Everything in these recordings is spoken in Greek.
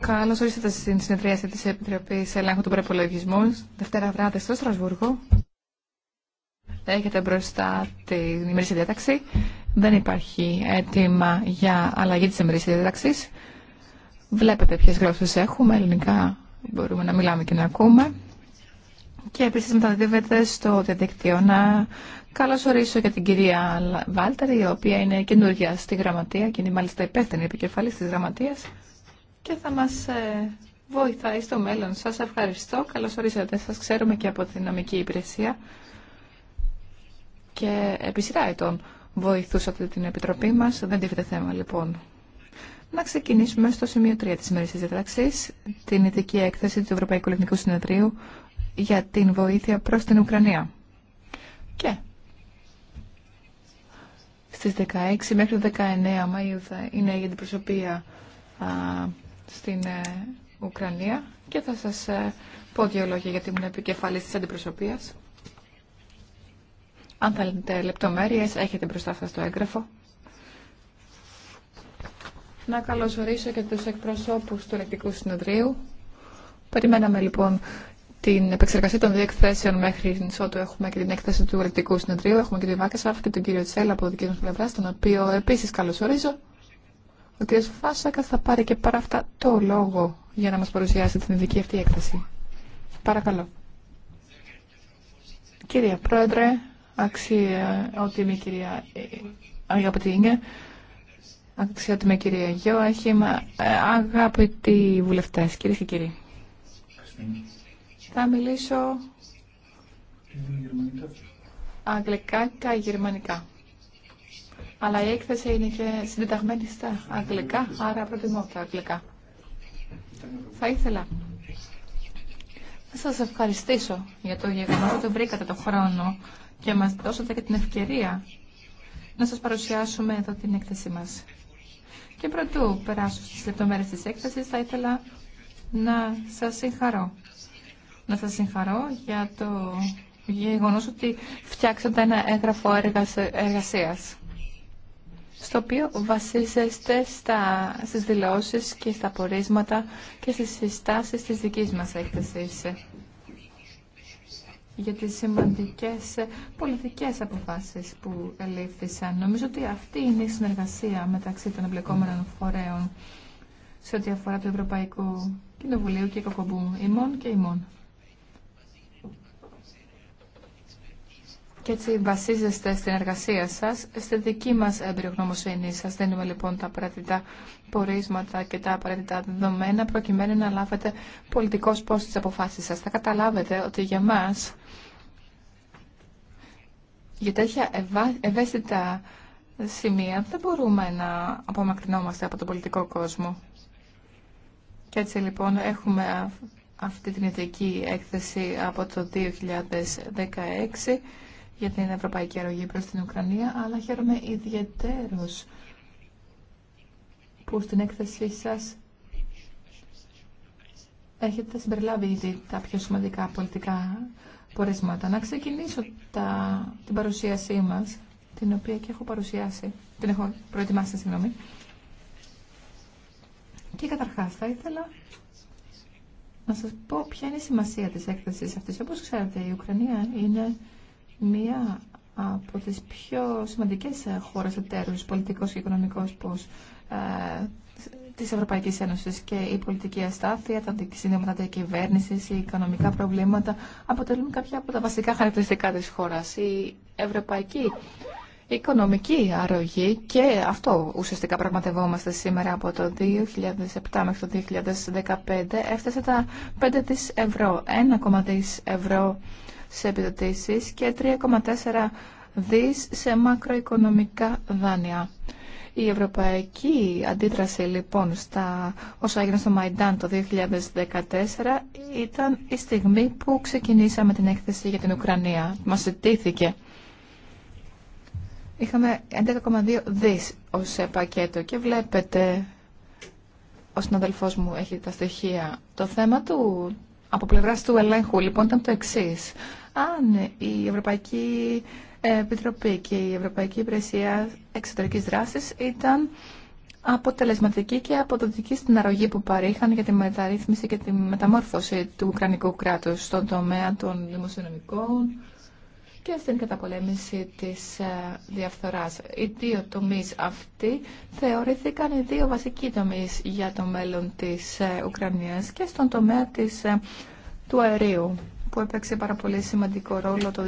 Καλώ ήρθατε στην συνεδρίαση τη Επιτροπή Ελέγχου του Προπολογισμού, Δευτέρα βράδυ στο Στρασβούργο. Έχετε μπροστά την ημερήσια διάταξη. Δεν υπάρχει αίτημα για αλλαγή τη ημερήσια διάταξη. Βλέπετε ποιε γλώσσε έχουμε. Ελληνικά μπορούμε να μιλάμε και να ακούμε. Και επίση μεταδίδεται στο διαδικτύο. Να Καλώς ορίσω και την κυρία Βάλτερη, η οποία είναι καινούργια στη γραμματεία και είναι μάλιστα υπεύθυνη επικεφαλής της γραμματείας και θα μας ε, βοηθάει στο μέλλον. Σας ευχαριστώ. Καλώς ορίσατε. Σας ξέρουμε και από την νομική υπηρεσία και επί σειρά ετών βοηθούσατε την Επιτροπή μας. Δεν τίθεται θέμα λοιπόν. Να ξεκινήσουμε στο σημείο 3 της ημερήσης διαταξής, την ειδική έκθεση του Ευρωπαϊκού Λεθνικού Συνεδρίου για την βοήθεια προς την Ουκρανία. Και στις 16 μέχρι 19 Μαΐου θα είναι η αντιπροσωπεία στην ε, Ουκρανία και θα σας ε, πω δύο λόγια γιατί ήμουν επικεφαλής της αντιπροσωπείας. Αν θέλετε λεπτομέρειες, έχετε μπροστά σας το έγγραφο. Να καλωσορίσω και τους εκπροσώπους του Ελεκτικού Συνεδρίου. Περιμέναμε λοιπόν την επεξεργασία των δύο εκθέσεων μέχρι ότου έχουμε και την έκθεση του Ελεκτικού Συνεδρίου. Έχουμε και τη Βάκεσαφ και τον κύριο Τσέλα από δική μα πλευρά, τον οποίο επίση καλωσορίζω. Ο κ. Φάσακα θα πάρει και παρά αυτά το λόγο για να μα παρουσιάσει την ειδική αυτή έκθεση. Παρακαλώ. Κυρία Πρόεδρε, αξία κυρία αγαπητή είναι, αξιότιμη κυρία Γιώ, ε, αγαπητοί βουλευτέ, κύριε και κύριοι. Θα μιλήσω αγγλικά και γερμανικά. Αλλά η έκθεση είναι και συντεταγμένη στα αγγλικά, άρα προτιμώ τα αγγλικά. Θα ήθελα να σας ευχαριστήσω για το γεγονός ότι βρήκατε το χρόνο και μας δώσατε και την ευκαιρία να σας παρουσιάσουμε εδώ την έκθεση μας. Και πρωτού περάσω στις λεπτομέρειες της έκθεσης, θα ήθελα να σας συγχαρώ να σας συγχαρώ για το γεγονό ότι φτιάξατε ένα έγγραφο εργασίας στο οποίο βασίζεστε στα, στις δηλώσεις και στα πορίσματα και στις συστάσεις της δικής μας έκθεσης για τις σημαντικές πολιτικές αποφάσεις που ελήφθησαν. Νομίζω ότι αυτή είναι η συνεργασία μεταξύ των εμπλεκόμενων φορέων σε ό,τι αφορά το Ευρωπαϊκό Κοινοβουλίο και Κοκομπού, ημών και ημών. Και έτσι βασίζεστε στην εργασία σα στη δική μα εμπειρογνωμοσύνη σα Δίνουμε λοιπόν τα απαραίτητα πορίσματα και τα απαραίτητα δεδομένα προκειμένου να λάβετε πολιτικό πώ τι αποφάσει σα. Θα καταλάβετε ότι για μας, για τέτοια ευαίσθητα σημεία, δεν μπορούμε να απομακρυνόμαστε από τον πολιτικό κόσμο. Και έτσι λοιπόν έχουμε αυτή την ειδική έκθεση από το 2016 για την ευρωπαϊκή αρρωγή προς την Ουκρανία, αλλά χαίρομαι ιδιαίτερος που στην έκθεσή σας έχετε συμπεριλάβει ήδη τα πιο σημαντικά πολιτικά πορίσματα. Να ξεκινήσω τα, την παρουσίασή μας, την οποία και έχω παρουσιάσει, την έχω προετοιμάσει, συγγνώμη. Και καταρχάς θα ήθελα να σας πω ποια είναι η σημασία της έκθεσης αυτής. Όπως ξέρετε, η Ουκρανία είναι μία από τις πιο σημαντικές ε, χώρες εταίρους, πολιτικός και οικονομικός, πως ε, της Ευρωπαϊκής Ένωσης και η πολιτική αστάθεια, τα συνδέματα διακυβέρνηση, οι οικονομικά προβλήματα αποτελούν κάποια από τα βασικά χαρακτηριστικά της χώρας. Η ευρωπαϊκή οικονομική αρρωγή και αυτό ουσιαστικά πραγματευόμαστε σήμερα από το 2007 μέχρι το 2015 έφτασε τα 5 της ευρώ, 1,3 ευρώ σε επιδοτήσεις και 3,4 δις σε μακροοικονομικά δάνεια. Η ευρωπαϊκή αντίδραση λοιπόν στα όσα έγινε στο Μαϊντάν το 2014 ήταν η στιγμή που ξεκινήσαμε την έκθεση για την Ουκρανία. Μας ζητήθηκε. Είχαμε 11,2 δις ως πακέτο και βλέπετε ο συναδελφός μου έχει τα στοιχεία. Το θέμα του, από πλευρά του ελέγχου λοιπόν ήταν το εξή. Αν η Ευρωπαϊκή Επιτροπή και η Ευρωπαϊκή Υπηρεσία Εξωτερική Δράση ήταν αποτελεσματική και αποδοτική στην αρρωγή που παρήχαν για τη μεταρρύθμιση και τη μεταμόρφωση του Ουκρανικού κράτους στον τομέα των δημοσιονομικών, και στην καταπολέμηση της ε, διαφθοράς. Οι δύο τομείς αυτοί θεωρήθηκαν οι δύο βασικοί τομείς για το μέλλον της ε, Ουκρανίας και στον τομέα της, ε, του αερίου που έπαιξε πάρα πολύ σημαντικό ρόλο το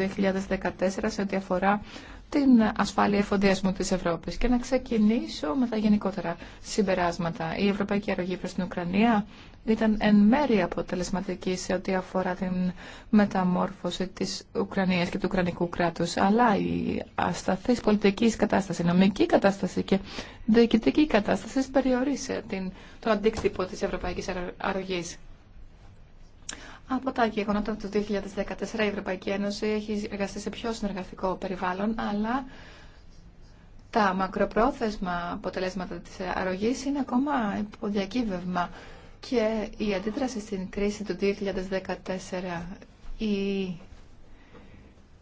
2014 σε ό,τι αφορά την ασφάλεια εφοδιασμού της Ευρώπης. Και να ξεκινήσω με τα γενικότερα συμπεράσματα. Η ευρωπαϊκή αρρωγή προς την Ουκρανία ήταν εν μέρη αποτελεσματική σε ό,τι αφορά την μεταμόρφωση της Ουκρανίας και του Ουκρανικού κράτους. Αλλά η ασταθής πολιτική κατάσταση, νομική κατάσταση και διοικητική κατάσταση περιορίσε την, το αντίκτυπο της ευρωπαϊκής αρρωγής. Από τα γεγονότα του 2014 η Ευρωπαϊκή Ένωση έχει εργαστεί σε πιο συνεργατικό περιβάλλον, αλλά τα μακροπρόθεσμα αποτελέσματα της αρρωγής είναι ακόμα υποδιακύβευμα και η αντίδραση στην κρίση του 2014, η,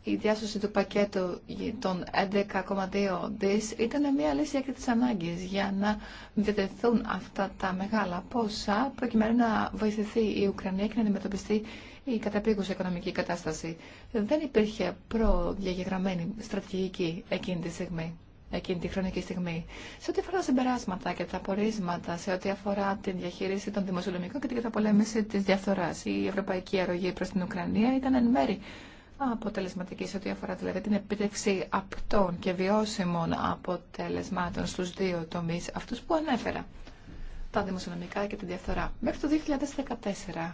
η διάσωση του πακέτου των 11,2 δις ήταν μια λύση τις ανάγκης για να διατεθούν αυτά τα μεγάλα πόσα προκειμένου να βοηθηθεί η Ουκρανία και να αντιμετωπιστεί η καταπήγουσα οικονομική κατάσταση. Δεν υπήρχε προδιαγεγραμμένη στρατηγική εκείνη τη στιγμή εκείνη τη χρονική στιγμή. Σε ό,τι αφορά τα συμπεράσματα και τα απορίσματα, σε ό,τι αφορά τη διαχείριση των δημοσιονομικών και την καταπολέμηση τη διαφθορά, η ευρωπαϊκή αρρωγή προ την Ουκρανία ήταν εν μέρη αποτελεσματική σε ό,τι αφορά δηλαδή την επίτευξη απτών και βιώσιμων αποτελεσμάτων στου δύο τομεί, αυτού που ανέφερα τα δημοσιονομικά και τη διαφθορά. Μέχρι το 2014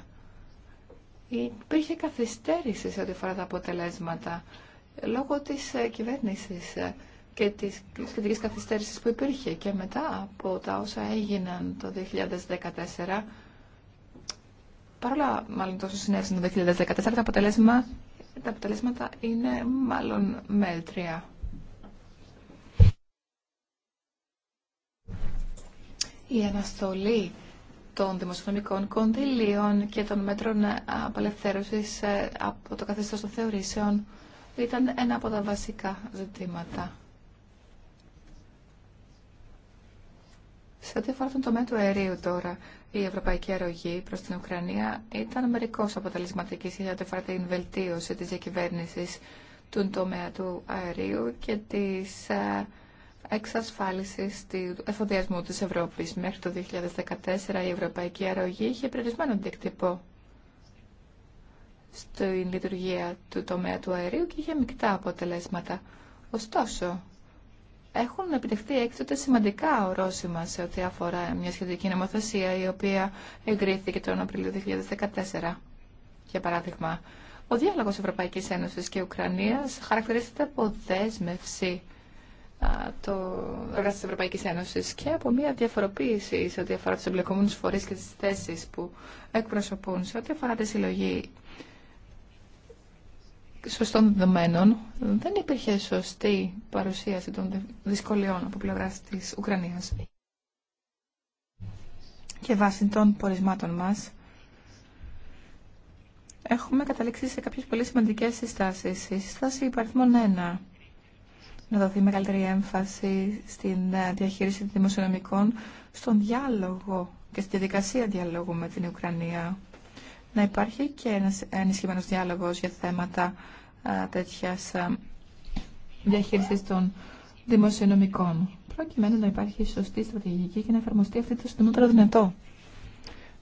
υπήρχε καθυστέρηση σε ό,τι αφορά τα αποτελέσματα λόγω της ε, κυβέρνησης ε, και της σχετικής καθυστέρησης που υπήρχε και μετά από τα όσα έγιναν το 2014 παρόλα μάλλον τόσο συνέβησαν το 2014 τα, αποτελέσμα, αποτελέσματα είναι μάλλον μέτρια. Η αναστολή των δημοσιονομικών κονδυλίων και των μέτρων απελευθέρωσης ε, από το καθεστώς των θεωρήσεων ήταν ένα από τα βασικά ζητήματα. Σε ό,τι αφορά τον τομέα του αερίου τώρα, η ευρωπαϊκή αρρωγή προ την Ουκρανία ήταν μερικώ αποτελεσματική σε ό,τι αφορά την βελτίωση τη διακυβέρνηση του τομέα του αερίου και τη ε, εξασφάλιση του εφοδιασμού τη Ευρώπη. Μέχρι το 2014 η ευρωπαϊκή αρρωγή είχε περιορισμένο αντίκτυπο στην λειτουργία του τομέα του αερίου και είχε μεικτά αποτελέσματα. Ωστόσο, έχουν επιτευχθεί έκτοτε σημαντικά ορόσημα σε ό,τι αφορά μια σχετική νομοθεσία η οποία εγκρίθηκε τον Απριλίο 2014. Για παράδειγμα, ο διάλογος Ευρωπαϊκής Ένωσης και Ουκρανίας χαρακτηρίζεται από δέσμευση το εργασία της Ευρωπαϊκής Ένωσης και από μια διαφοροποίηση σε ό,τι αφορά τους εμπλεκόμενους φορείς και τις θέσεις που εκπροσωπούν σε ό,τι αφορά τη συλλογή σωστών δεδομένων, δεν υπήρχε σωστή παρουσίαση των δυσκολιών από πλευρά τη Ουκρανία. Και βάσει των πορισμάτων μα, έχουμε καταλήξει σε κάποιε πολύ σημαντικέ συστάσει. Η συστάση υπαριθμών 1. Να δοθεί μεγαλύτερη έμφαση στην ε, διαχείριση των δημοσιονομικών, στον διάλογο και στη διαδικασία διαλόγου με την Ουκρανία να υπάρχει και ένας ενισχυμένος διάλογος για θέματα τέτοια διαχείρισης των δημοσιονομικών, προκειμένου να υπάρχει σωστή στρατηγική και να εφαρμοστεί αυτή το συντομότερο δυνατό.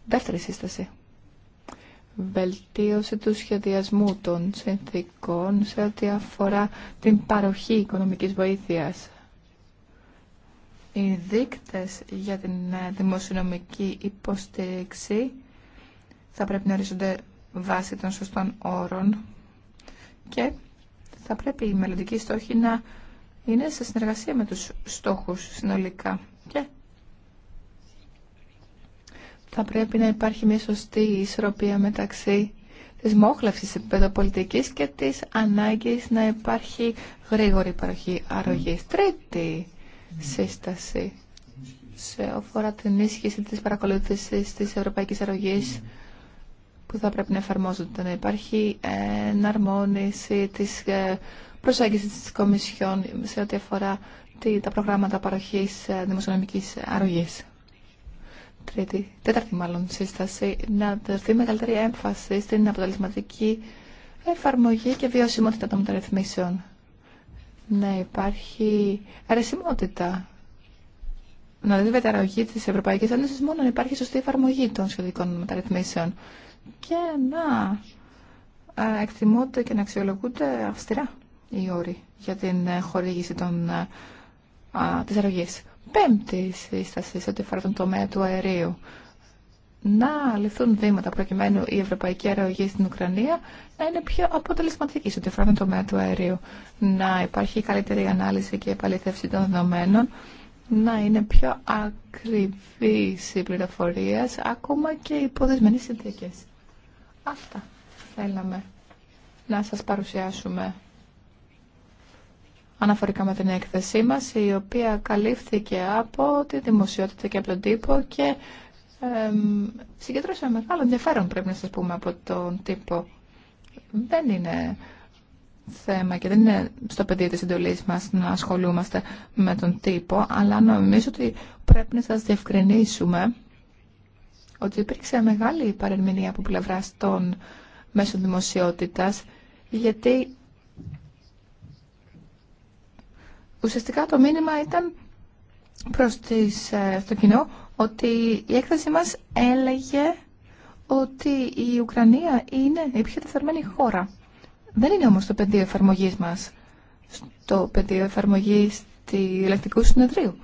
Δεύτερη σύσταση. Βελτίωση του σχεδιασμού των συνθήκων σε ό,τι αφορά την παροχή οικονομικής βοήθειας. Οι δείκτες για την ε, δημοσιονομική υποστήριξη θα πρέπει να ορίζονται βάσει των σωστών όρων και θα πρέπει οι μελλοντικοί στόχοι να είναι σε συνεργασία με τους στόχους συνολικά. Και θα πρέπει να υπάρχει μια σωστή ισορροπία μεταξύ της μόχλευσης παιδοπολιτικής και της ανάγκης να υπάρχει γρήγορη παροχή αρρωγής. Τρίτη σύσταση σε αφορά την ίσχυση της παρακολούθησης της ευρωπαϊκής αρρωγής που θα πρέπει να εφαρμόζονται. Να υπάρχει εναρμόνιση της ε, προσέγγιση της Κομισιόν σε ό,τι αφορά τα προγράμματα παροχής ε, δημοσιονομικής αρρωγής. Τρίτη, τέταρτη μάλλον σύσταση, να δοθεί μεγαλύτερη έμφαση στην αποτελεσματική εφαρμογή και βιωσιμότητα των μεταρρυθμίσεων. Να υπάρχει αρεσιμότητα. Να δίδεται της Ευρωπαϊκής Ένωσης μόνο να υπάρχει σωστή εφαρμογή των σχετικών μεταρρυθμίσεων και να ε, εκτιμούνται και να αξιολογούνται αυστηρά οι όροι για την ε, χορήγηση των, ε, α, της αρρωγής. Πέμπτη σύσταση σε ό,τι αφορά τον τομέα του αερίου. Να ληφθούν βήματα προκειμένου η ευρωπαϊκή αρρωγή στην Ουκρανία να είναι πιο αποτελεσματική σε ό,τι αφορά τον τομέα του αερίου. Να υπάρχει καλύτερη ανάλυση και επαληθεύση των δεδομένων να είναι πιο ακριβή η πληροφορία ακόμα και υπό δεσμενείς συνθήκες. Αυτά θέλαμε να σας παρουσιάσουμε αναφορικά με την έκθεσή μας, η οποία καλύφθηκε από τη δημοσιότητα και από τον τύπο και ε, συγκεντρώσε μεγάλο ενδιαφέρον, πρέπει να σας πούμε, από τον τύπο. Δεν είναι θέμα και δεν είναι στο πεδίο της εντολής μας να ασχολούμαστε με τον τύπο, αλλά νομίζω ότι πρέπει να σας διευκρινίσουμε ότι υπήρξε μεγάλη παρερμηνία από πλευρά των μέσων δημοσιότητας, γιατί ουσιαστικά το μήνυμα ήταν προς ε, το κοινό ότι η έκθεση μας έλεγε ότι η Ουκρανία είναι η πιο δεθαρμένη χώρα. Δεν είναι όμως το πεδίο εφαρμογή μας, στο πεδίο εφαρμογής του Ελεκτικού συνεδρίου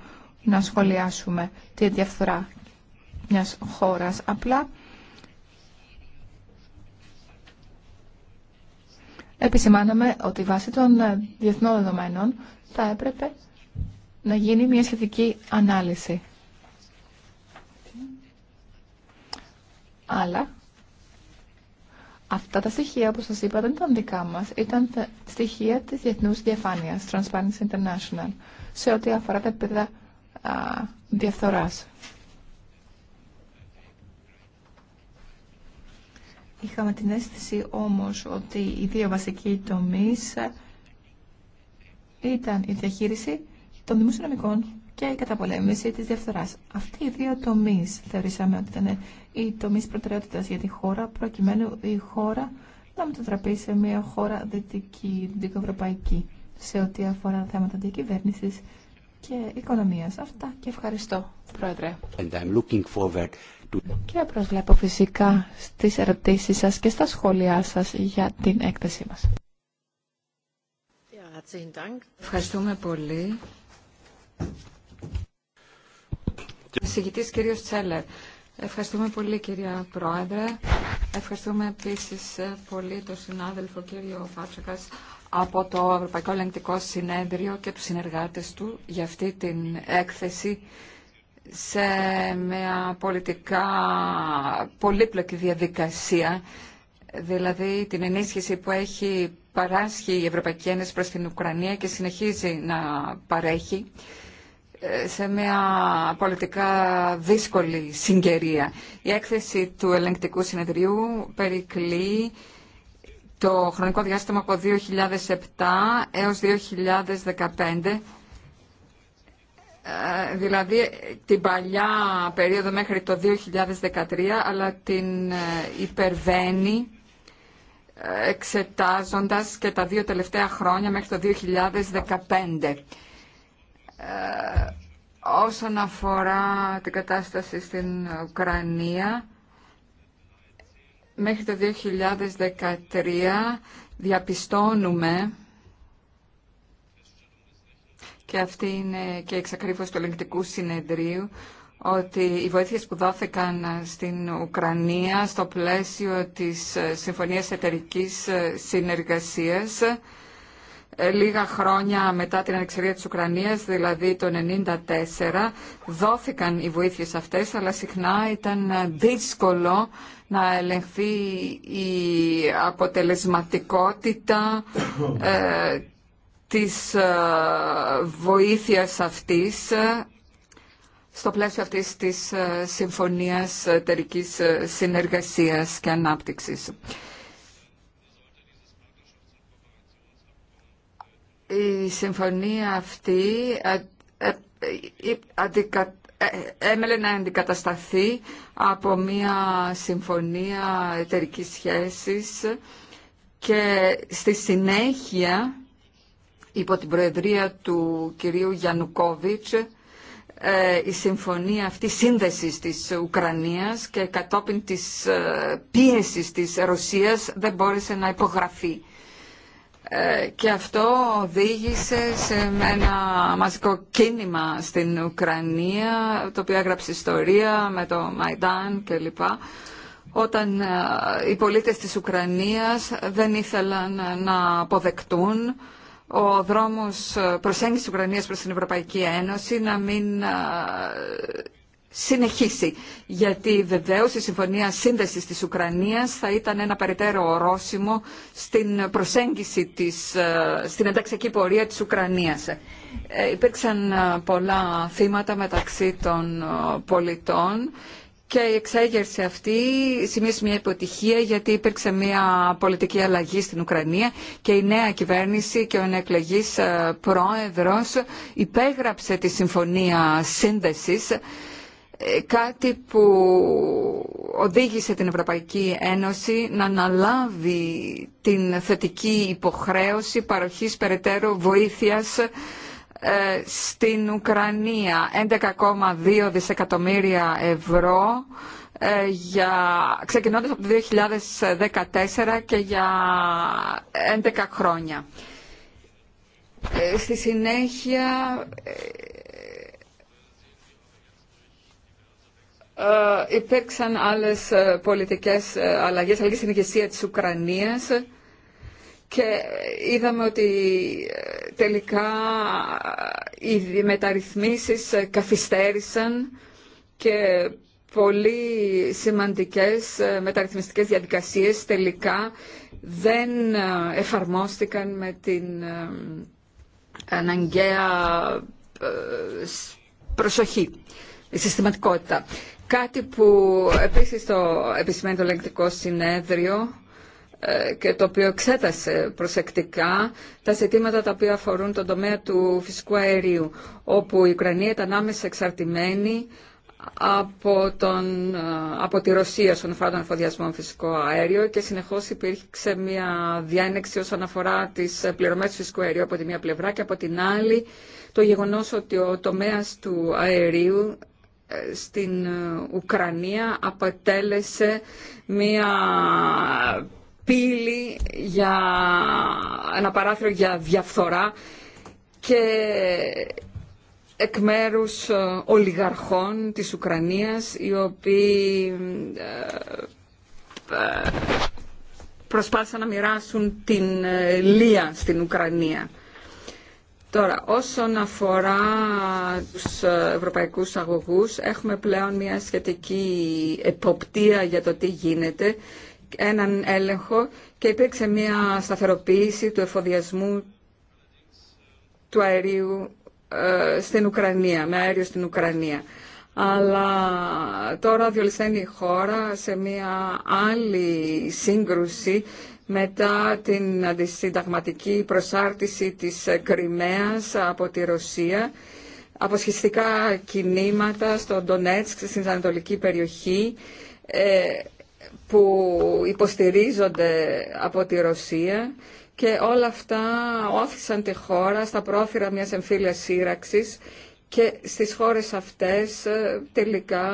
να σχολιάσουμε τη διαφθορά μιας χώρας. Απλά επισημάναμε ότι βάσει των ε, διεθνών δεδομένων θα έπρεπε να γίνει μια σχετική ανάλυση. Αλλά αυτά τα στοιχεία που σας είπα δεν ήταν δικά μας, ήταν στοιχεία της Διεθνούς Διαφάνειας, Transparency International, σε ό,τι αφορά τα επίπεδα διαφθοράς. Είχαμε την αίσθηση όμως ότι οι δύο βασικοί τομείς ήταν η διαχείριση των δημοσιονομικών και η καταπολέμηση της διαφθοράς. Αυτοί οι δύο τομείς θεωρήσαμε ότι ήταν οι τομείς προτεραιότητας για τη χώρα, προκειμένου η χώρα να μετατραπεί σε μια χώρα δυτική, δυτικοευρωπαϊκή, σε ό,τι αφορά θέματα διακυβέρνησης και οικονομίας. Αυτά και ευχαριστώ, Πρόεδρε. I'm looking forward to... Και προσβλέπω φυσικά στις ερωτήσεις σας και στα σχόλιά σας για την έκθεσή μας. Ευχαριστούμε πολύ. Συγητής κύριος Τσέλερ. Ευχαριστούμε πολύ κυρία Πρόεδρε. Ευχαριστούμε επίσης πολύ τον συνάδελφο κύριο Φάτσακας από το Ευρωπαϊκό Ελεγκτικό Συνέδριο και τους συνεργάτες του για αυτή την έκθεση σε μια πολιτικά πολύπλοκη διαδικασία, δηλαδή την ενίσχυση που έχει παράσχει η Ευρωπαϊκή Ένωση προς την Ουκρανία και συνεχίζει να παρέχει ε, σε μια πολιτικά δύσκολη συγκαιρία. Η έκθεση του ελεγκτικού συνεδριού περικλεί το χρονικό διάστημα από 2007 έως 2015 ε, δηλαδή την παλιά περίοδο μέχρι το 2013 αλλά την ε, υπερβαίνει ε, εξετάζοντας και τα δύο τελευταία χρόνια μέχρι το 2015. Όσον αφορά την κατάσταση στην Ουκρανία μέχρι το 2013 διαπιστώνουμε και αυτή είναι και εξακρίβωση του ελεγκτικού συνεδρίου ότι οι βοήθειες που δόθηκαν στην Ουκρανία στο πλαίσιο της Συμφωνίας Εταιρικής Συνεργασίας λίγα χρόνια μετά την ανεξαρτησία της Ουκρανίας, δηλαδή το 1994, δόθηκαν οι βοήθειες αυτές, αλλά συχνά ήταν δύσκολο να ελεγχθεί η αποτελεσματικότητα ε, της ε, βοήθειας αυτής ε, στο πλαίσιο αυτής της ε, Συμφωνίας Εταιρικής Συνεργασίας και Ανάπτυξης. η συμφωνία αυτή ε, ε, ε, έμελε να αντικατασταθεί από μια συμφωνία εταιρική σχέσης και στη συνέχεια υπό την προεδρία του κυρίου Γιαννουκόβιτς η συμφωνία αυτή σύνδεσης της Ουκρανίας και κατόπιν της πίεσης της Ρωσίας δεν μπόρεσε να υπογραφεί. Ε, και αυτό οδήγησε σε ένα μαζικό κίνημα στην Ουκρανία το οποίο έγραψε ιστορία με το Μαϊντάν κλπ όταν ε, οι πολίτες της Ουκρανίας δεν ήθελαν να αποδεκτούν ο δρόμος ε, προσέγγισης της Ουκρανίας προς την Ευρωπαϊκή Ένωση να μην συνεχίσει. Γιατί βεβαίως η Συμφωνία Σύνδεσης της Ουκρανίας θα ήταν ένα περαιτέρω ορόσημο στην προσέγγιση της, ε, στην ενταξιακή πορεία της Ουκρανίας. Ε, υπήρξαν ε, πολλά θύματα μεταξύ των πολιτών και η εξέγερση αυτή σημείωσε μια υποτυχία γιατί υπήρξε μια πολιτική αλλαγή στην Ουκρανία και η νέα κυβέρνηση και ο ενεκλεγής πρόεδρος υπέγραψε τη συμφωνία σύνδεσης ε, κάτι που οδήγησε την Ευρωπαϊκή Ένωση να αναλάβει την θετική υποχρέωση παροχής περαιτέρω βοήθειας ε, στην Ουκρανία 11,2 δισεκατομμύρια ευρώ ε, για, ξεκινώντας από το 2014 και για 11 χρόνια. Στη συνέχεια Ε, υπήρξαν άλλες ε, πολιτικές ε, αλλαγές, αλλαγές στην ηγεσία της Ουκρανίας και είδαμε ότι τελικά οι μεταρρυθμίσεις καθυστέρησαν και πολύ σημαντικές μεταρρυθμιστικές διαδικασίες τελικά δεν εφαρμόστηκαν με την αναγκαία προσοχή, η συστηματικότητα. Κάτι που επίσης το επισημαίνει το ελεγκτικό συνέδριο ε, και το οποίο εξέτασε προσεκτικά τα ζητήματα τα οποία αφορούν τον τομέα του φυσικού αερίου, όπου η Ουκρανία ήταν άμεσα εξαρτημένη από, τον, ε, από τη Ρωσία στον αφορά τον εφοδιασμό φυσικό αέριο και συνεχώς υπήρξε μια διάνεξη όσον αφορά τις πληρωμές του φυσικού αερίου από τη μία πλευρά και από την άλλη το γεγονός ότι ο τομέας του αερίου στην ε, Ουκρανία αποτέλεσε μία πύλη για ένα παράθυρο για διαφθορά και εκ μέρους ε, ολιγαρχών της Ουκρανίας οι οποίοι ε, προσπάθησαν να μοιράσουν την λία στην Ουκρανία. Τώρα, όσον αφορά τους ε, ευρωπαϊκούς αγωγούς, έχουμε πλέον μια σχετική εποπτεία για το τι γίνεται, έναν έλεγχο και υπήρξε μια σταθεροποίηση του εφοδιασμού του αερίου ε, στην Ουκρανία, με αέριο στην Ουκρανία. Αλλά τώρα διολυσταίνει η χώρα σε μια άλλη σύγκρουση μετά την αντισυνταγματική προσάρτηση της Κρυμαίας από τη Ρωσία, αποσχιστικά κινήματα στο Ντονέτσκ, στην Ανατολική περιοχή, ε, που υποστηρίζονται από τη Ρωσία και όλα αυτά όθησαν τη χώρα στα πρόθυρα μιας εμφύλιας σύραξης και στις χώρες αυτές ε, τελικά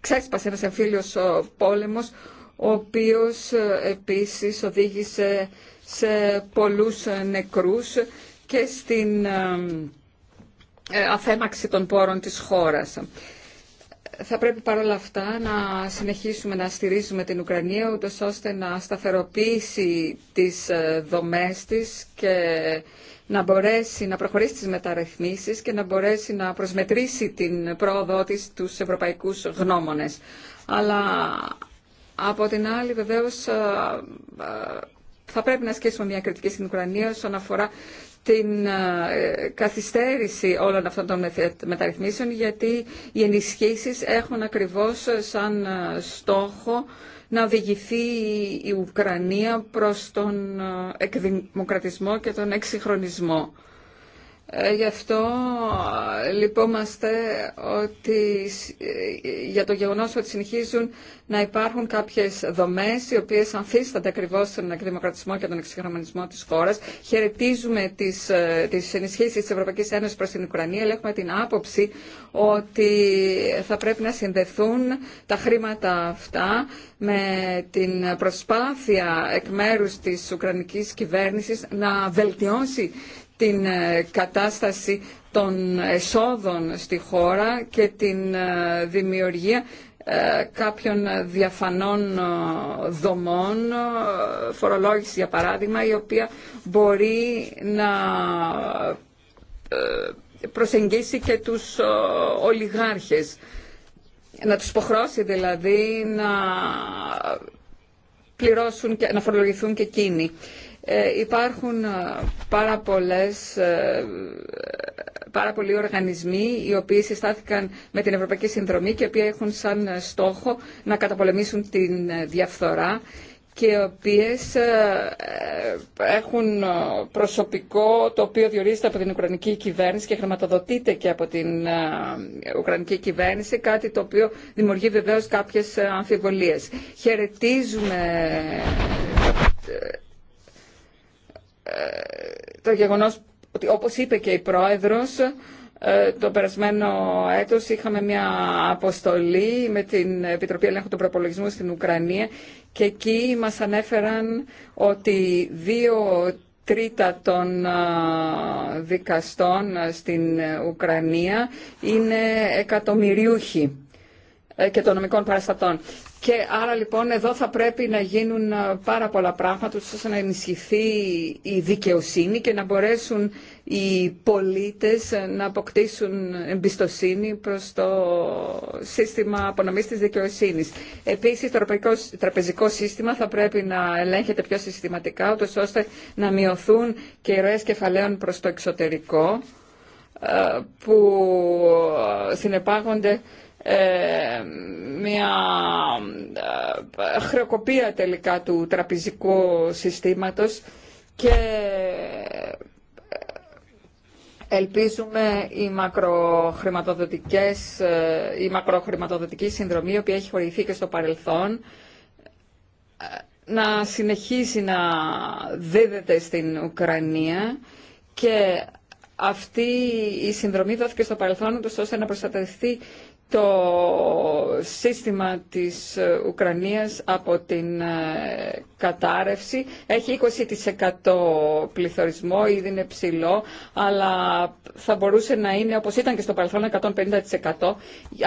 ξέσπασε ένας εμφύλιος πόλεμος ο οποίος ε, επίσης οδήγησε σε πολλούς ε, νεκρούς και στην ε, αφέμαξη των πόρων της χώρας. Θα πρέπει παρόλα αυτά να συνεχίσουμε να στηρίζουμε την Ουκρανία ούτως ώστε να σταθεροποιήσει τις δομές της και να μπορέσει να προχωρήσει τις μεταρρυθμίσεις και να μπορέσει να προσμετρήσει την πρόοδό της τους ευρωπαϊκούς γνώμονες. Αλλά από την άλλη, βεβαίω, ε, ε, θα πρέπει να ασκήσουμε μια κριτική στην Ουκρανία όσον αφορά την ε, καθυστέρηση όλων αυτών των μεταρρυθμίσεων, γιατί οι ενισχύσεις έχουν ακριβώς σαν στόχο να οδηγηθεί η Ουκρανία προς τον εκδημοκρατισμό και τον εξυγχρονισμό. Ε, γι' αυτό ε, λυπόμαστε ότι, ε, για το γεγονός ότι συνεχίζουν να υπάρχουν κάποιες δομές οι οποίες αμφίστανται ακριβώ στον εκδημοκρατισμό και τον εξυγχρονισμό της χώρας. Χαιρετίζουμε τις, τις ενισχύσεις της Ευρωπαϊκής Ένωσης προς την Ουκρανία, αλλά έχουμε την άποψη ότι θα πρέπει να συνδεθούν τα χρήματα αυτά με την προσπάθεια εκ μέρους της Ουκρανικής κυβέρνησης να βελτιώσει την ε, κατάσταση των εσόδων στη χώρα και την ε, δημιουργία ε, κάποιων διαφανών δομών, φορολόγηση για παράδειγμα, η οποία μπορεί να προσεγγίσει και τους ολιγάρχες. Να τους υποχρώσει δηλαδή να πληρώσουν και να φορολογηθούν και εκείνοι. Ε, υπάρχουν ε, ε, πάρα, πολλοί οργανισμοί οι οποίοι συστάθηκαν με την Ευρωπαϊκή Συνδρομή και οι οποίοι έχουν σαν στόχο να καταπολεμήσουν την διαφθορά και οι οποίες έχουν προσωπικό το οποίο διορίζεται από την Ουκρανική κυβέρνηση και χρηματοδοτείται και από την Ουκρανική κυβέρνηση, κάτι το οποίο δημιουργεί βεβαίως κάποιες αμφιβολίες. Χαιρετίζουμε το ότι όπως είπε και η Πρόεδρος, ε, το περασμένο έτος είχαμε μια αποστολή με την Επιτροπή Ελέγχου των Προπολογισμού στην Ουκρανία και εκεί μας ανέφεραν ότι δύο τρίτα των ε, δικαστών στην Ουκρανία είναι εκατομμυριούχοι. Ε, και των νομικών παραστατών. Και άρα λοιπόν εδώ θα πρέπει να γίνουν ε, πάρα πολλά πράγματα ώστε να ενισχυθεί η δικαιοσύνη και να μπορέσουν οι πολίτες ε, να αποκτήσουν εμπιστοσύνη προς το σύστημα απονομής της δικαιοσύνης. Επίσης το τραπεζικό σύστημα θα πρέπει να ελέγχεται πιο συστηματικά ώστε να μειωθούν και οι ροές κεφαλαίων προς το εξωτερικό που συνεπάγονται ε, μια ε, χρεοκοπία τελικά του τραπεζικού συστήματος και ε, Ελπίζουμε η, μακροχρηματοδοτικές, η μακροχρηματοδοτική συνδρομή, η οποία έχει χορηγηθεί και στο παρελθόν, να συνεχίσει να δίδεται στην Ουκρανία και αυτή η συνδρομή δόθηκε στο παρελθόν, ώστε να προστατευτεί το σύστημα της ε, Ουκρανίας από την ε, κατάρρευση. Έχει 20% πληθωρισμό, ήδη είναι ψηλό, αλλά θα μπορούσε να είναι, όπως ήταν και στο παρελθόν, 150%.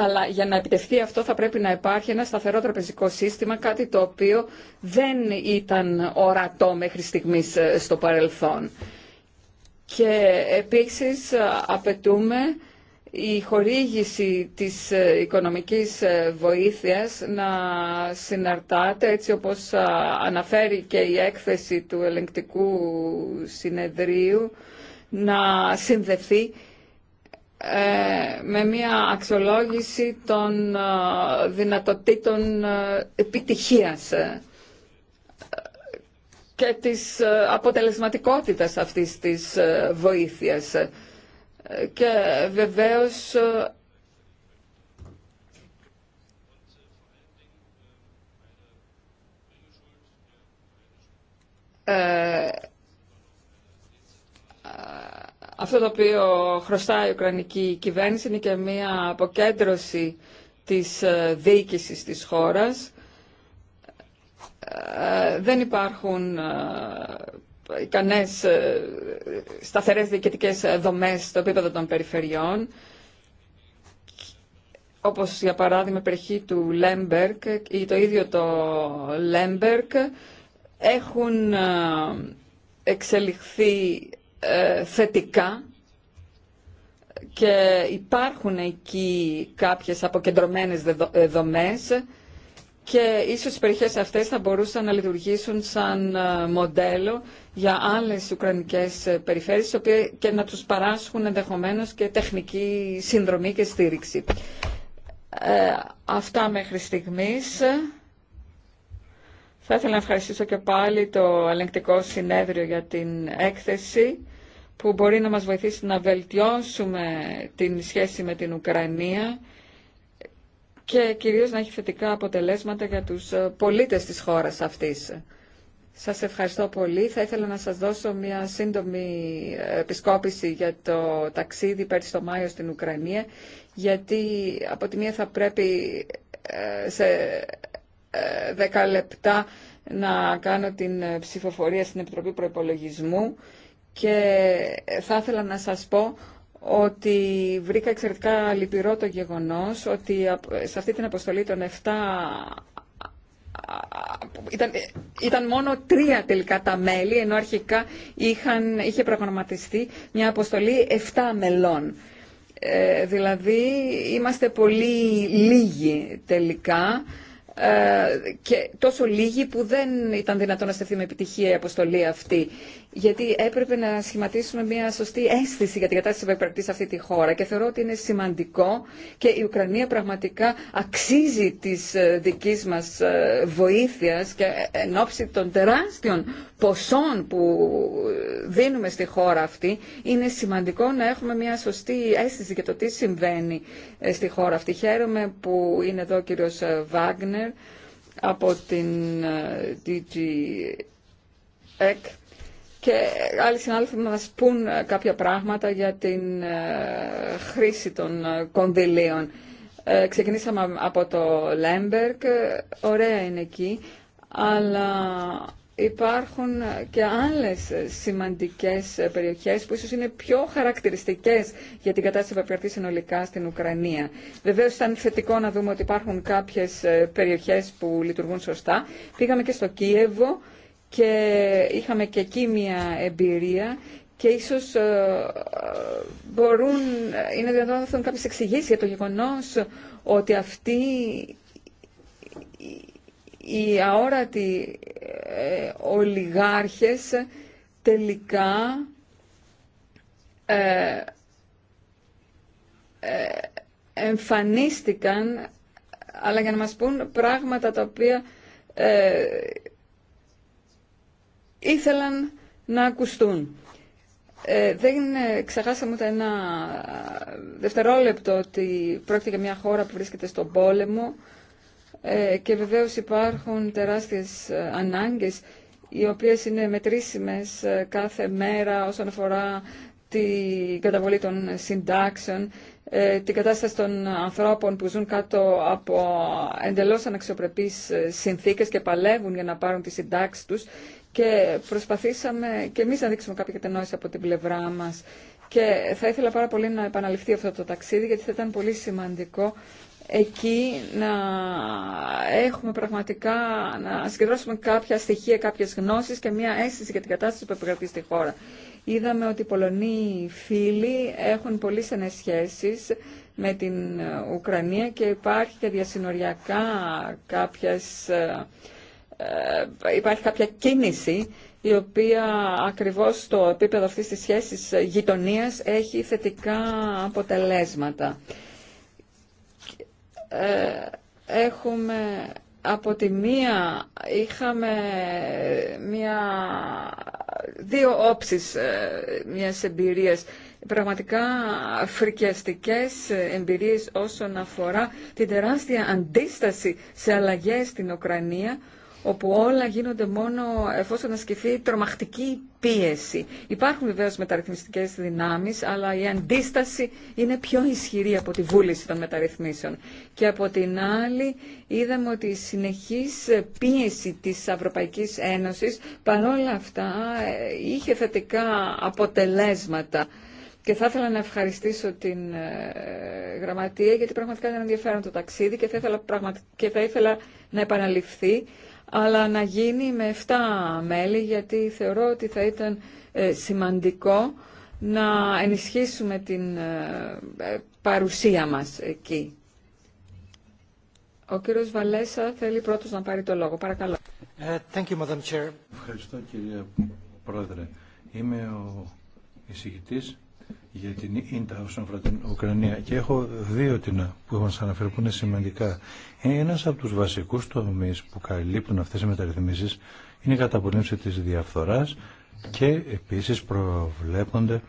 Αλλά για να επιτευχθεί αυτό θα πρέπει να υπάρχει ένα σταθερό τραπεζικό σύστημα, κάτι το οποίο δεν ήταν ορατό μέχρι στιγμής ε, στο παρελθόν. Και επίσης απαιτούμε η χορήγηση της ε, οικονομικής ε, βοήθειας να συναρτάται έτσι όπως ε, αναφέρει και η έκθεση του ελεγκτικού συνεδρίου να συνδεθεί με μια αξιολόγηση των δυνατοτήτων επιτυχίας και της αποτελεσματικότητας αυτής της βοήθειας και βεβαίως ε, ε, αυτό το οποίο χρωστάει η Ουκρανική κυβέρνηση είναι και μία αποκέντρωση της ε, διοίκησης της χώρας. δεν υπάρχουν ικανές ε, σταθερές διοικητικές δομές στο επίπεδο των περιφερειών όπως για παράδειγμα η περιοχή του Λέμπερκ ή το ίδιο το Λέμπερκ έχουν ε, εξελιχθεί ε, θετικά και υπάρχουν εκεί κάποιες αποκεντρωμένες δομές και ίσως οι περιοχές αυτές θα μπορούσαν να λειτουργήσουν σαν ε, μοντέλο για άλλες ουκρανικές ε, περιφέρειες και να τους παράσχουν ενδεχομένως και τεχνική συνδρομή και στήριξη. Ε, αυτά μέχρι στιγμής. Θα ήθελα να ευχαριστήσω και πάλι το ελεγκτικό συνέδριο για την έκθεση που μπορεί να μας βοηθήσει να βελτιώσουμε την σχέση με την Ουκρανία και κυρίως να έχει θετικά αποτελέσματα για τους ε, πολίτες της χώρας αυτής. Σας ευχαριστώ πολύ. Θα ήθελα να σας δώσω μια σύντομη ε, επισκόπηση για το ταξίδι πέρσι το Μάιο στην Ουκρανία, γιατί από τη μία θα πρέπει ε, σε δέκα λεπτά να κάνω την ψηφοφορία στην Επιτροπή Προϋπολογισμού και θα ήθελα να σας πω ότι βρήκα εξαιρετικά λυπηρό το γεγονός ότι σε αυτή την αποστολή των 7 ήταν, μόνο τρία τελικά τα μέλη, ενώ αρχικά είχαν, είχε προγραμματιστεί μια αποστολή 7 μελών. Ε, δηλαδή είμαστε πολύ λίγοι τελικά ε, και τόσο λίγοι που δεν ήταν δυνατόν να στεφθεί με επιτυχία η αποστολή αυτή γιατί έπρεπε να σχηματίσουμε μια σωστή αίσθηση για την κατάσταση που επικρατεί αυτή τη χώρα και θεωρώ ότι είναι σημαντικό και η Ουκρανία πραγματικά αξίζει της ε, δικής μας ε, βοήθειας και ε, εν ώψη των τεράστιων ποσών που δίνουμε στη χώρα αυτή είναι σημαντικό να έχουμε μια σωστή αίσθηση για το τι συμβαίνει στη χώρα αυτή. Χαίρομαι που είναι εδώ ο κύριο Βάγνερ από την DG και άλλοι συνάδελφοι μας πούν ε, κάποια πράγματα για την ε, χρήση των ε, κονδυλίων. Ξεκινήσαμε από το Λέμπερκ, ωραία είναι εκεί, αλλά υπάρχουν και άλλες σημαντικές περιοχές που ίσως είναι πιο χαρακτηριστικές για την κατάσταση που επικρατεί συνολικά στην Ουκρανία. Βεβαίως ήταν θετικό να δούμε ότι υπάρχουν κάποιες περιοχές που λειτουργούν σωστά. Πήγαμε και στο Κίεβο και είχαμε και εκεί μια εμπειρία και ίσως ε, μπορούν, είναι δυνατόν να δώσουν κάποιες εξηγήσεις για το γεγονός ότι αυτή οι αόρατοι ε, ολιγάρχες τελικά ε, εμφανίστηκαν αλλά για να μας πούν πράγματα τα οποία ήθελαν να ακουστούν. Ε, δεν ξεχάσαμε ούτε ένα δευτερόλεπτο ότι πρόκειται για μια χώρα που βρίσκεται στον πόλεμο ε, και βεβαίως υπάρχουν τεράστιες ε, ανάγκες οι οποίες είναι μετρήσιμες ε, κάθε μέρα όσον αφορά την καταβολή των συντάξεων, ε, την κατάσταση των ανθρώπων που ζουν κάτω από εντελώς αναξιοπρεπείς συνθήκες και παλεύουν για να πάρουν τη συντάξη τους και προσπαθήσαμε και εμείς να δείξουμε κάποια κατανόηση από την πλευρά μας και θα ήθελα πάρα πολύ να επαναληφθεί αυτό το ταξίδι γιατί θα ήταν πολύ σημαντικό εκεί να έχουμε πραγματικά, να συγκεντρώσουμε κάποια στοιχεία, κάποιες γνώσεις και μια αίσθηση για την κατάσταση που επικρατεί στη χώρα. Είδαμε ότι οι Πολωνοί φίλοι έχουν πολύ στενές σχέσεις με την Ουκρανία και υπάρχει και διασυνοριακά κάποιες ε, ε, υπάρχει κάποια κίνηση η οποία ακριβώς στο επίπεδο αυτής της σχέσης γειτονίας έχει θετικά αποτελέσματα. Ε, έχουμε από τη μία είχαμε μία, δύο όψεις ε, μιας εμπειρίας πραγματικά φρικιαστικές εμπειρίες όσον αφορά την τεράστια αντίσταση σε αλλαγές στην Ουκρανία όπου όλα γίνονται μόνο εφόσον ασκηθεί τρομακτική πίεση. Υπάρχουν βεβαίως μεταρρυθμιστικές δυνάμεις, αλλά η αντίσταση είναι πιο ισχυρή από τη βούληση των μεταρρυθμίσεων. Και από την άλλη είδαμε ότι η συνεχής πίεση της Ευρωπαϊκής Ένωσης παρόλα αυτά είχε θετικά αποτελέσματα. Και θα ήθελα να ευχαριστήσω την ε, Γραμματεία γιατί πραγματικά ήταν ενδιαφέρον το ταξίδι και θα ήθελα, και θα ήθελα να επαναληφθεί αλλά να γίνει με 7 μέλη, γιατί θεωρώ ότι θα ήταν ε, σημαντικό να ενισχύσουμε την ε, παρουσία μας εκεί. Ο κύριος Βαλέσα θέλει πρώτος να πάρει το λόγο. Παρακαλώ. Ε, thank you, Madam Chair. Ευχαριστώ, κύριε Πρόεδρε. Είμαι ο εισηγητής για την ίντα όσον αφορά την Ουκρανία και έχω δύο τίνα που έχω να σας αναφέρω που είναι σημαντικά. Ένας από τους βασικούς τομείς που καλύπτουν αυτές οι μεταρρυθμίσεις είναι η καταπολέμηση της διαφθοράς και επίσης προβλέπονται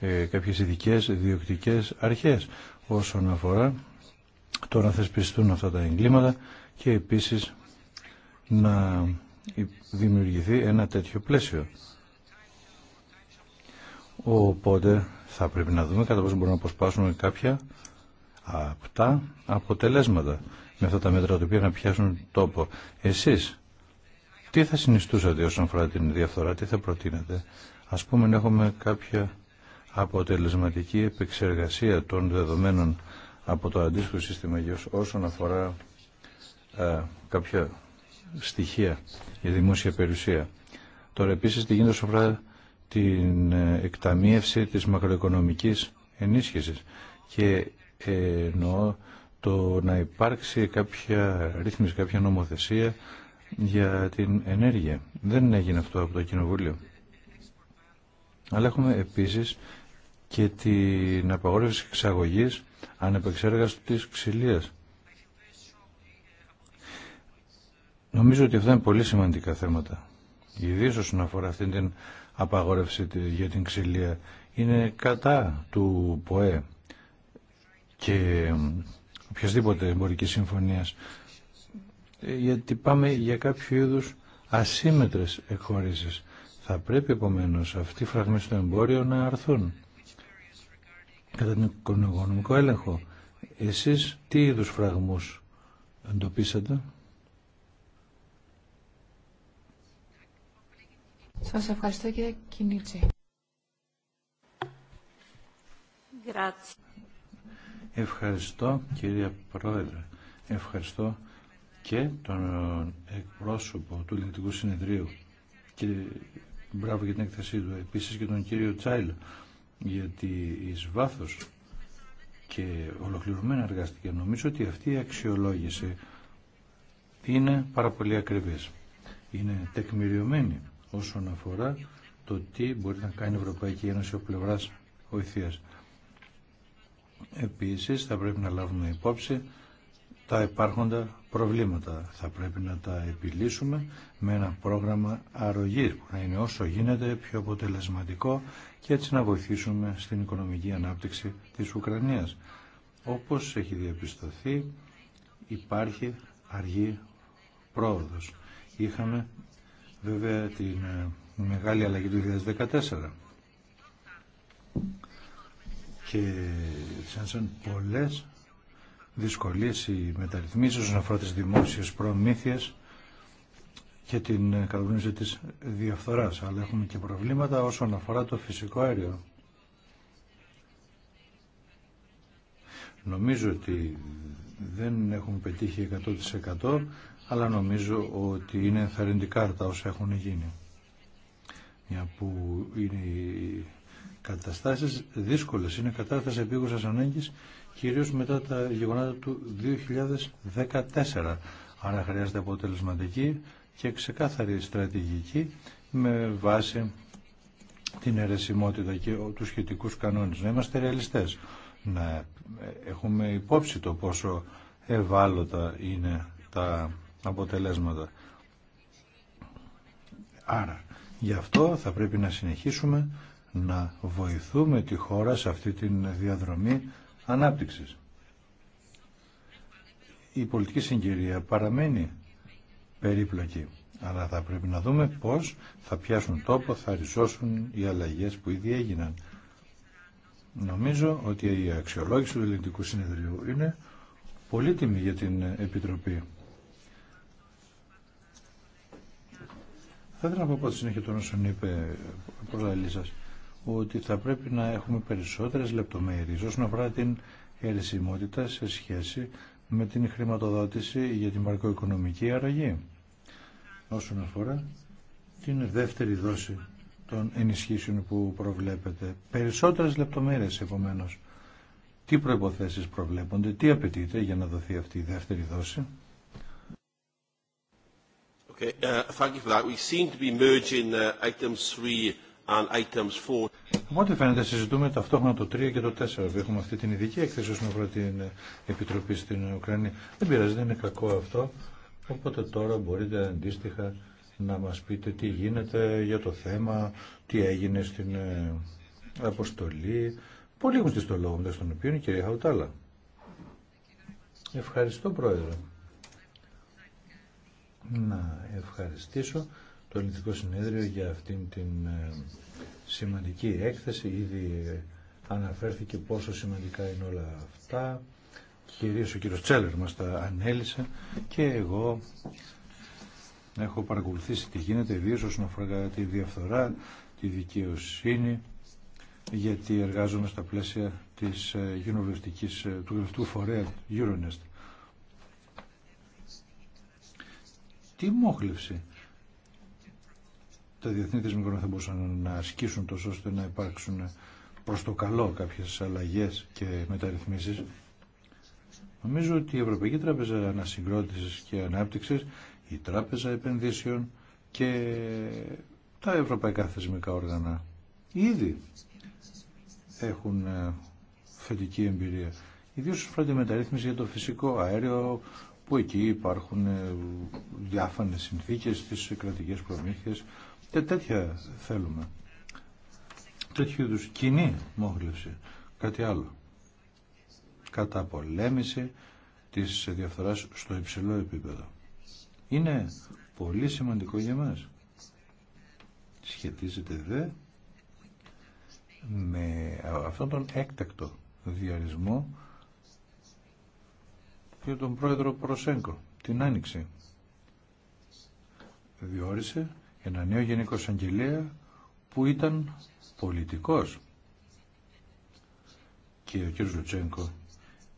ε, κάποιες ειδικέ διοκτικές αρχές όσον αφορά το να θεσπιστούν αυτά τα εγκλήματα και επίσης να δημιουργηθεί ένα τέτοιο πλαίσιο. Οπότε θα πρέπει να δούμε κατά πόσο μπορούμε να αποσπάσουμε κάποια τα αποτελέσματα με αυτά τα μέτρα τα οποία να πιάσουν τόπο. Εσείς τι θα συνιστούσατε όσον αφορά την διαφθορά, τι θα προτείνατε. Ας πούμε να έχουμε κάποια αποτελεσματική επεξεργασία των δεδομένων από το αντίστοιχο σύστημα όσον αφορά ε, κάποια στοιχεία για δημόσια περιουσία. Τώρα επίσης τι γίνεται όσον αφορά την ε, εκταμίευση της μακροοικονομικής ενίσχυσης και ε, εννοώ το να υπάρξει κάποια ρύθμιση, κάποια νομοθεσία για την ενέργεια. Δεν έγινε αυτό από το Κοινοβούλιο. Αλλά έχουμε επίσης και την απαγόρευση εξαγωγής ανεπεξέργαστης ξυλίας. Νομίζω ότι αυτά είναι πολύ σημαντικά θέματα. Ιδίως όσον αφορά αυτήν την απαγόρευση για την ξυλία είναι κατά του ΠΟΕ και οποιασδήποτε εμπορική συμφωνίας ε, γιατί πάμε για κάποιο είδους ασύμετρες εκχωρήσεις. Θα πρέπει επομένως αυτοί οι φραγμοί στο εμπόριο να αρθούν κατά τον οικονομικό έλεγχο. Εσείς τι είδους φραγμούς εντοπίσατε. Σας ευχαριστώ κύριε Κινίτσι. Ευχαριστώ κύριε Πρόεδρε. Ευχαριστώ και τον εκπρόσωπο του Ελληνικού Συνεδρίου και μπράβο για την έκθεσή του επίσης και τον κύριο Τσάιλ γιατί εις βάθος και ολοκληρωμένα εργάστηκε νομίζω ότι αυτή η αξιολόγηση είναι πάρα πολύ ακριβής είναι τεκμηριωμένη όσον αφορά το τι μπορεί να κάνει η Ευρωπαϊκή Ένωση ο πλευράς βοηθείας. Επίσης θα πρέπει να λάβουμε υπόψη τα υπάρχοντα προβλήματα. Θα πρέπει να τα επιλύσουμε με ένα πρόγραμμα αρρωγής που να είναι όσο γίνεται πιο αποτελεσματικό και έτσι να βοηθήσουμε στην οικονομική ανάπτυξη της Ουκρανίας. Όπως έχει διαπιστωθεί υπάρχει αργή πρόοδος. Είχαμε βέβαια την ε, μεγάλη αλλαγή του 2014. Και σαν πολλές δυσκολίες οι μεταρρυθμίσεις όσον αφορά τις δημόσιες προμήθειες και την ε, κατανόηση της διαφθοράς. Αλλά έχουμε και προβλήματα όσον αφορά το φυσικό αέριο. Νομίζω ότι δεν έχουμε πετύχει 100% αλλά νομίζω ότι είναι ενθαρρυντικά τα όσα έχουν γίνει. Μια που είναι οι καταστάσεις δύσκολες, είναι κατάσταση επίγουσας ανάγκης, κυρίως μετά τα γεγονότα του 2014. Άρα χρειάζεται αποτελεσματική και ξεκάθαρη στρατηγική με βάση την αιρεσιμότητα και τους σχετικούς κανόνες. Να είμαστε ρεαλιστές, να έχουμε υπόψη το πόσο ευάλωτα είναι τα αποτελέσματα. Άρα, γι' αυτό θα πρέπει να συνεχίσουμε να βοηθούμε τη χώρα σε αυτή τη διαδρομή ανάπτυξης. Η πολιτική συγκυρία παραμένει περίπλοκη, αλλά θα πρέπει να δούμε πώς θα πιάσουν τόπο, θα ριζώσουν οι αλλαγές που ήδη έγιναν. Νομίζω ότι η αξιολόγηση του ελληνικού συνεδρίου είναι πολύτιμη για την Επιτροπή. Θα ήθελα να πω από τη συνέχεια τον όσων είπε ο προλαλή σα ότι θα πρέπει να έχουμε περισσότερες λεπτομέρειες όσον αφορά την ερεσιμότητα σε σχέση με την χρηματοδότηση για την μαρκοοικονομική αραγή. Όσον αφορά την δεύτερη δόση των ενισχύσεων που προβλέπετε. Περισσότερες λεπτομέρειες επομένως. Τι προϋποθέσεις προβλέπονται, τι απαιτείται για να δοθεί αυτή η δεύτερη δόση. Uh, thank you for that. We seem to be merging uh, items 3 and items 4. Από ό,τι φαίνεται συζητούμε ταυτόχρονα το 3 και το 4. Έχουμε αυτή την ειδική έκθεση όσον αφορά την ε, Επιτροπή στην Ουκρανία. Δεν πειράζει, δεν είναι κακό αυτό. Οπότε τώρα μπορείτε αντίστοιχα να μας πείτε τι γίνεται για το θέμα, τι έγινε στην ε, αποστολή. πολύ έχουν στο λόγο μεταξύ των οποίων η κυρία Χαουτάλα. Ευχαριστώ Πρόεδρε να ευχαριστήσω το Ελληνικό Συνέδριο για αυτήν την ε, σημαντική έκθεση. Ήδη αναφέρθηκε πόσο σημαντικά είναι όλα αυτά. Κυρίως ο κύριος Τσέλερ μας τα ανέλησε και εγώ έχω παρακολουθήσει τι γίνεται ιδίω όσον αφορά τη διαφθορά, τη δικαιοσύνη γιατί εργάζομαι στα πλαίσια της ε, ε, του γραφτού φορέα Euronest. τι μόχλευση τα διεθνή θεσμικά θα μπορούσαν να ασκήσουν τόσο ώστε να υπάρξουν προς το καλό κάποιες αλλαγές και μεταρρυθμίσεις. Νομίζω ότι η Ευρωπαϊκή Τράπεζα Ανασυγκρότησης και Ανάπτυξης, η Τράπεζα Επενδύσεων και τα ευρωπαϊκά θεσμικά όργανα ήδη έχουν ε, θετική εμπειρία. Ιδίως αφορά τη μεταρρύθμιση για το φυσικό αέριο, που εκεί υπάρχουν ε, διάφανες συνθήκες στις κρατικές προμήθειες και τέτοια θέλουμε. Τέτοιου είδους κοινή μόχλευση, κάτι άλλο. Κατά πολέμηση της διαφθοράς στο υψηλό επίπεδο. Είναι πολύ σημαντικό για μας. Σχετίζεται δε με αυτόν τον έκτακτο διαρισμό και τον πρόεδρο Προσέγκο την Άνοιξη. Διόρισε ένα νέο γενικό εισαγγελέα που ήταν πολιτικός. Και ο κ. Λουτσέγκο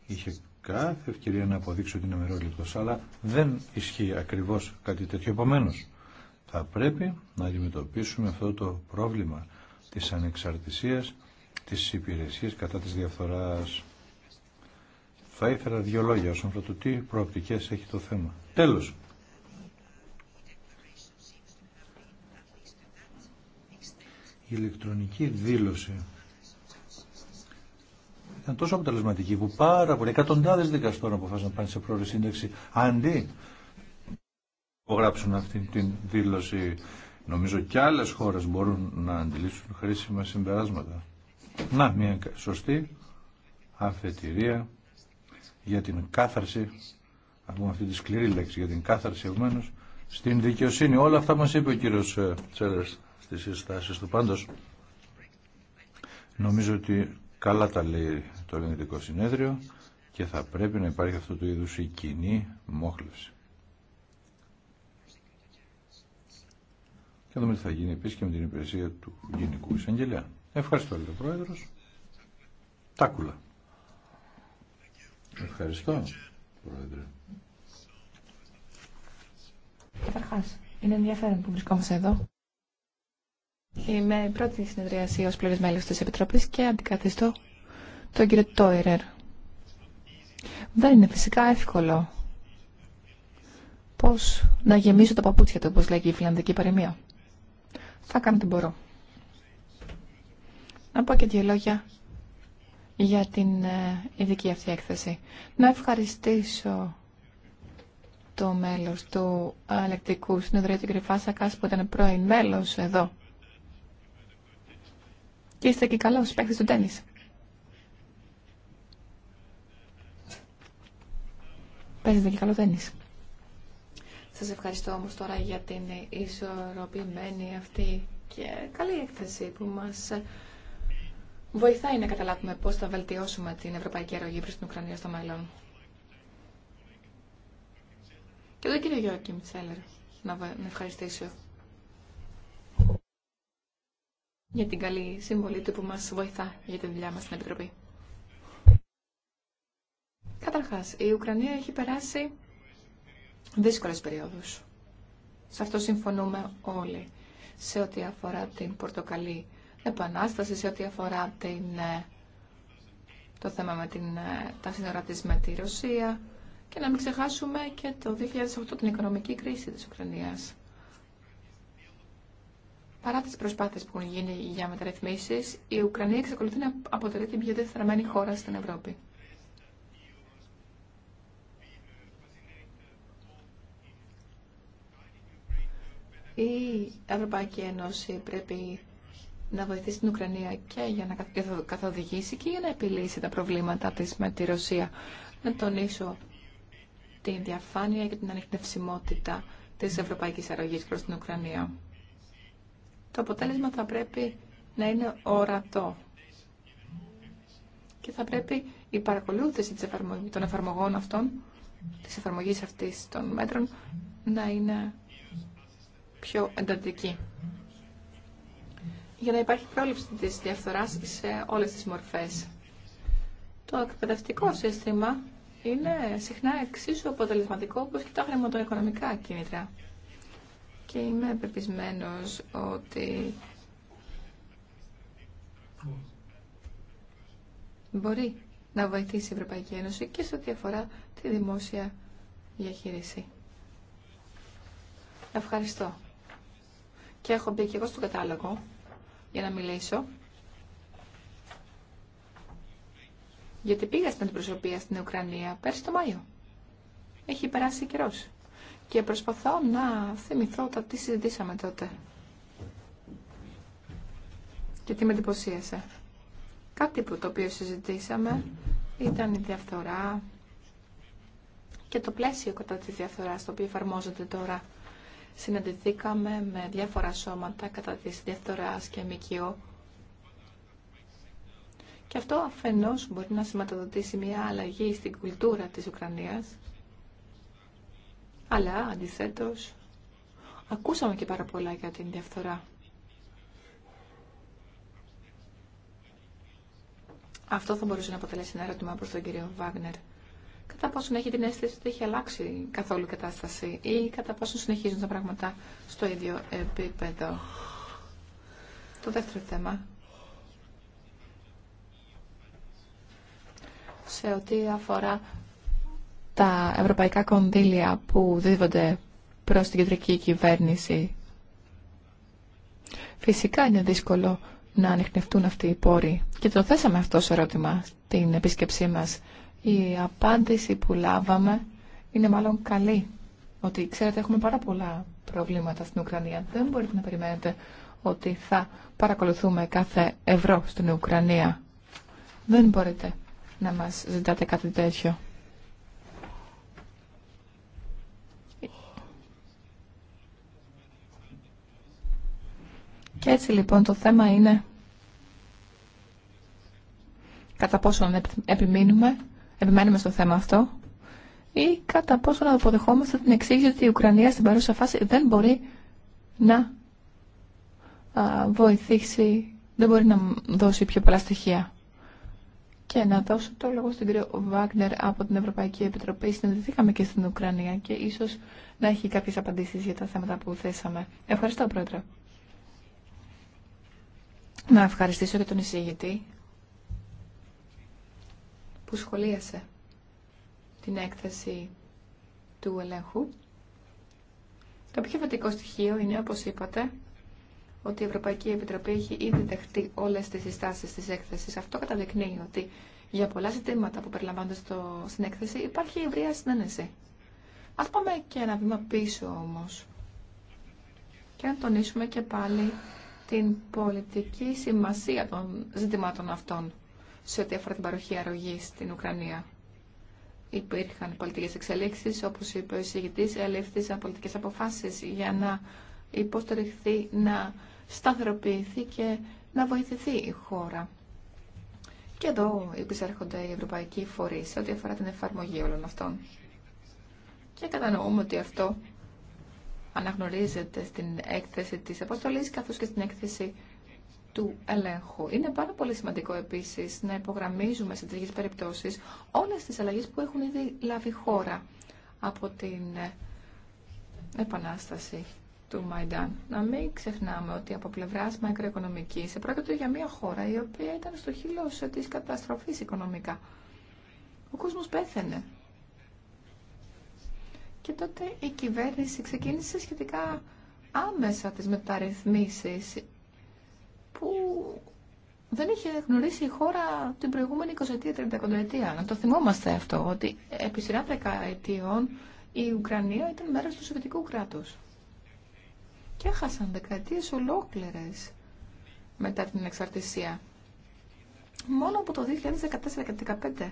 είχε κάθε ευκαιρία να αποδείξει ότι είναι μερόληπτος, αλλά δεν ισχύει ακριβώς κάτι τέτοιο. επομένω. θα πρέπει να αντιμετωπίσουμε αυτό το πρόβλημα της ανεξαρτησίας της υπηρεσίας κατά της διαφθοράς. Θα ήθελα δύο λόγια όσον αφορά το τι προοπτικές έχει το θέμα. Τέλος. Η ηλεκτρονική δήλωση ήταν τόσο αποτελεσματική που πάρα πολλοί εκατοντάδες δικαστών αποφάσισαν να πάνε σε πρόορη σύνταξη αντί υπογράψουν αυτή την δήλωση. Νομίζω και άλλες χώρες μπορούν να αντιλήσουν χρήσιμα συμπεράσματα. Να, μια σωστή αφετηρία για την κάθαρση, α πούμε αυτή τη σκληρή λέξη, για την κάθαρση ευμένως, στην δικαιοσύνη. Όλα αυτά μας είπε ο κύριος ε, Τσέλερς στις συστάσει του Πάντω, Νομίζω ότι καλά τα λέει το Ελληνικό Συνέδριο και θα πρέπει να υπάρχει αυτό το είδου η κοινή μόχλευση. Και δούμε τι θα γίνει επίση και με την υπηρεσία του Γενικού Εισαγγελέα. Ευχαριστώ, λέει ο Τάκουλα. Ευχαριστώ, Πρόεδρε. Καταρχά, είναι ενδιαφέρον που βρισκόμαστε εδώ. Είμαι η πρώτη συνεδρίαση ω πλήρε μέλο τη Επιτροπή και αντικαθιστώ τον κύριο Τόιρερ. Δεν είναι φυσικά εύκολο Πώ να γεμίσω τα παπούτσια του, όπως λέγει η φιλανδική παροιμία. Θα κάνω τι μπορώ. Να πω και δύο λόγια για την ε, ειδική αυτή έκθεση. Να ευχαριστήσω το μέλος του Αλεκτικού Συνεδρίου του Κρυφά που ήταν πρώην μέλος εδώ. Και είστε και καλός παίκτης του τέννις. Παίζετε και καλό τέννις. Σας ευχαριστώ όμως τώρα για την ισορροπημένη αυτή και καλή έκθεση που μας βοηθάει να καταλάβουμε πώ θα βελτιώσουμε την ευρωπαϊκή αρρωγή προ την Ουκρανία στο μέλλον. Και τον κύριο Γιώργη Μιτσέλερ να ευχαριστήσω για την καλή συμβολή του που μα βοηθά για τη δουλειά μα στην Επιτροπή. Καταρχά, η Ουκρανία έχει περάσει δύσκολε περιόδου. Σε αυτό συμφωνούμε όλοι. Σε ό,τι αφορά την πορτοκαλί επανάσταση σε ό,τι αφορά την, ε, το θέμα με την, ε, τα σύνορα της με τη Ρωσία και να μην ξεχάσουμε και το 2008 την οικονομική κρίση της Ουκρανίας. Παρά τις προσπάθειες που έχουν γίνει για μεταρρυθμίσεις, η Ουκρανία εξακολουθεί να αποτελεί την πιο δεθραμένη χώρα στην Ευρώπη. Η Ευρωπαϊκή Ένωση πρέπει να βοηθήσει την Ουκρανία και για να καθοδηγήσει και για να επιλύσει τα προβλήματα της με τη Ρωσία. Να τονίσω την διαφάνεια και την ανιχνευσιμότητα της ευρωπαϊκής αρρωγής προς την Ουκρανία. Το αποτέλεσμα θα πρέπει να είναι ορατό και θα πρέπει η παρακολούθηση των εφαρμογών αυτών, της εφαρμογής αυτής των μέτρων, να είναι πιο εντατική για να υπάρχει πρόληψη της διαφθοράς σε όλες τις μορφές. Το εκπαιδευτικό σύστημα είναι συχνά εξίσου αποτελεσματικό όπως και τα χρηματοοικονομικά κίνητρα. Και είμαι πεπισμένος ότι μπορεί να βοηθήσει η Ευρωπαϊκή Ένωση και σε ό,τι αφορά τη δημόσια διαχείριση. Ευχαριστώ. Και έχω μπει και εγώ στο κατάλογο για να μιλήσω. Γιατί πήγα στην αντιπροσωπεία στην Ουκρανία πέρσι το Μάιο. Έχει περάσει καιρό. Και προσπαθώ να θυμηθώ τα τι συζητήσαμε τότε. Και τι με εντυπωσίασε. Κάτι που το οποίο συζητήσαμε ήταν η διαφθορά και το πλαίσιο κατά τη διαφθορά στο οποίο εφαρμόζεται τώρα συναντηθήκαμε με διάφορα σώματα κατά της διαφθορά και μικιό. Και αυτό αφενός μπορεί να σηματοδοτήσει μια αλλαγή στην κουλτούρα της Ουκρανίας, αλλά αντιθέτως ακούσαμε και πάρα πολλά για την διαφθορά. Αυτό θα μπορούσε να αποτελέσει ένα ερώτημα προς τον κύριο Βάγνερ κατά πόσον έχει την αίσθηση ότι έχει αλλάξει καθόλου η κατάσταση ή κατά πόσον συνεχίζουν τα πράγματα στο ίδιο επίπεδο. Το δεύτερο θέμα. Σε ό,τι αφορά τα ευρωπαϊκά κονδύλια που δίδονται προς την κεντρική κυβέρνηση. Φυσικά είναι δύσκολο να ανοιχνευτούν αυτοί οι πόροι. Και το θέσαμε αυτό σε ερώτημα στην επίσκεψή μας η απάντηση που λάβαμε είναι μάλλον καλή. Ότι ξέρετε έχουμε πάρα πολλά προβλήματα στην Ουκρανία. Δεν μπορείτε να περιμένετε ότι θα παρακολουθούμε κάθε ευρώ στην Ουκρανία. Δεν μπορείτε να μας ζητάτε κάτι τέτοιο. Και έτσι λοιπόν το θέμα είναι κατά πόσο επιμείνουμε επιμένουμε στο θέμα αυτό ή κατά πόσο να αποδεχόμαστε την εξήγηση ότι η Ουκρανία στην παρούσα φάση δεν μπορεί να βοηθήσει, δεν μπορεί να δώσει πιο πολλά στοιχεία. Και να δώσω το λόγο στην κύριο Βάγνερ από την Ευρωπαϊκή Επιτροπή. Συνδεθήκαμε και στην Ουκρανία και ίσως να έχει κάποιε απαντήσει για τα θέματα που θέσαμε. Ευχαριστώ, Πρόεδρε. Να ευχαριστήσω και τον εισηγητή που σχολίασε την έκθεση του ελέγχου. Το πιο βατικό στοιχείο είναι, όπως είπατε, ότι η Ευρωπαϊκή Επιτροπή έχει ήδη δεχτεί όλες τις συστάσεις της έκθεσης. Αυτό καταδεικνύει ότι για πολλά ζητήματα που περιλαμβάνονται στο, στην έκθεση υπάρχει ευρεία συνένεση. Ας πάμε και ένα βήμα πίσω όμως και να τονίσουμε και πάλι την πολιτική σημασία των ζητημάτων αυτών σε ό,τι αφορά την παροχή αρρωγή στην Ουκρανία. Υπήρχαν πολιτικέ εξελίξεις, όπως είπε ο εισηγητή, ελήφθησαν πολιτικές αποφάσεις για να υποστηριχθεί, να σταθεροποιηθεί και να βοηθηθεί η χώρα. Και εδώ υπησέρχονται οι ευρωπαϊκοί φορείς ό,τι αφορά την εφαρμογή όλων αυτών. Και κατανοούμε ότι αυτό αναγνωρίζεται στην έκθεση της αποστολής καθώς και στην έκθεση του ελέγχου. Είναι πάρα πολύ σημαντικό επίσης να υπογραμμίζουμε σε τέτοιες περιπτώσεις όλες τις αλλαγές που έχουν ήδη λάβει χώρα από την ε, επανάσταση του Μαϊντάν. Να μην ξεχνάμε ότι από πλευρά σε πρόκειται για μια χώρα η οποία ήταν στο χείλο ε, τη καταστροφή οικονομικά. Ο κόσμο πέθανε. Και τότε η κυβέρνηση ξεκίνησε σχετικά άμεσα τις μεταρρυθμίσεις που δεν είχε γνωρίσει η χώρα την προηγούμενη 20η-30η ετία. Να το θυμόμαστε αυτό, ότι επί σειρά δεκαετιών η Ουκρανία ήταν μέρο του Σοβιετικού κράτους. Και έχασαν δεκαετίε ολόκληρες μετά την εξαρτησία. Μόνο από το 2014-2015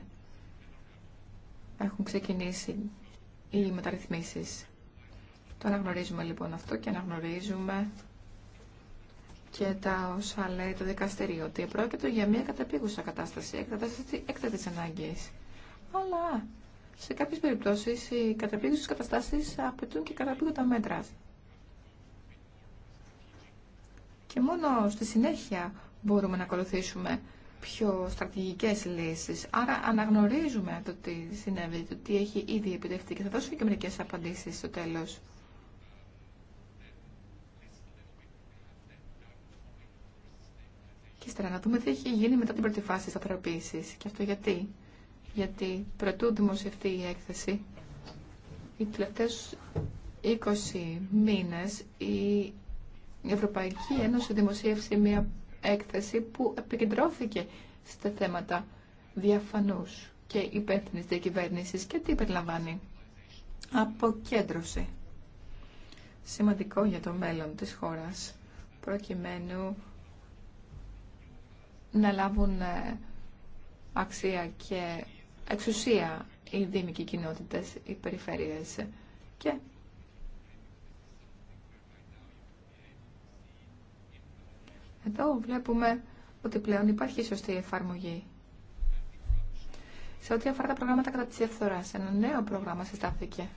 έχουν ξεκινήσει οι μεταρρυθμίσεις. Το αναγνωρίζουμε λοιπόν αυτό και αναγνωρίζουμε και τα όσα λέει το δικαστήριο, ότι πρόκειται για μια καταπήγουσα κατάσταση, κατάσταση έκτατης ανάγκη. Αλλά σε κάποιε περιπτώσει οι καταπήγουσες καταστάσει απαιτούν και καταπήγοντα μέτρα. Και μόνο στη συνέχεια μπορούμε να ακολουθήσουμε πιο στρατηγικές λύσεις. Άρα αναγνωρίζουμε το τι συνέβη, το τι έχει ήδη επιτευχθεί και θα δώσουμε και μερικές απαντήσεις στο τέλος. Και ύστερα να δούμε τι έχει γίνει μετά την πρώτη φάση της αθροποίησης. Και αυτό γιατί. Γιατί πρωτού δημοσιευτεί η έκθεση, οι τελευταίες 20 μήνες η Ευρωπαϊκή Ένωση δημοσίευσε μια έκθεση που επικεντρώθηκε στα θέματα διαφανούς και υπεύθυνης διακυβέρνησης και τι περιλαμβάνει. Αποκέντρωση. Σημαντικό για το μέλλον της χώρας, προκειμένου να λάβουν ε, αξία και εξουσία οι δήμοι οι κοινότητες, οι περιφέρειες και εδώ βλέπουμε ότι πλέον υπάρχει σωστή εφαρμογή. Σε ό,τι αφορά τα προγράμματα κατά της ευθοράς, ένα νέο πρόγραμμα συστάθηκε,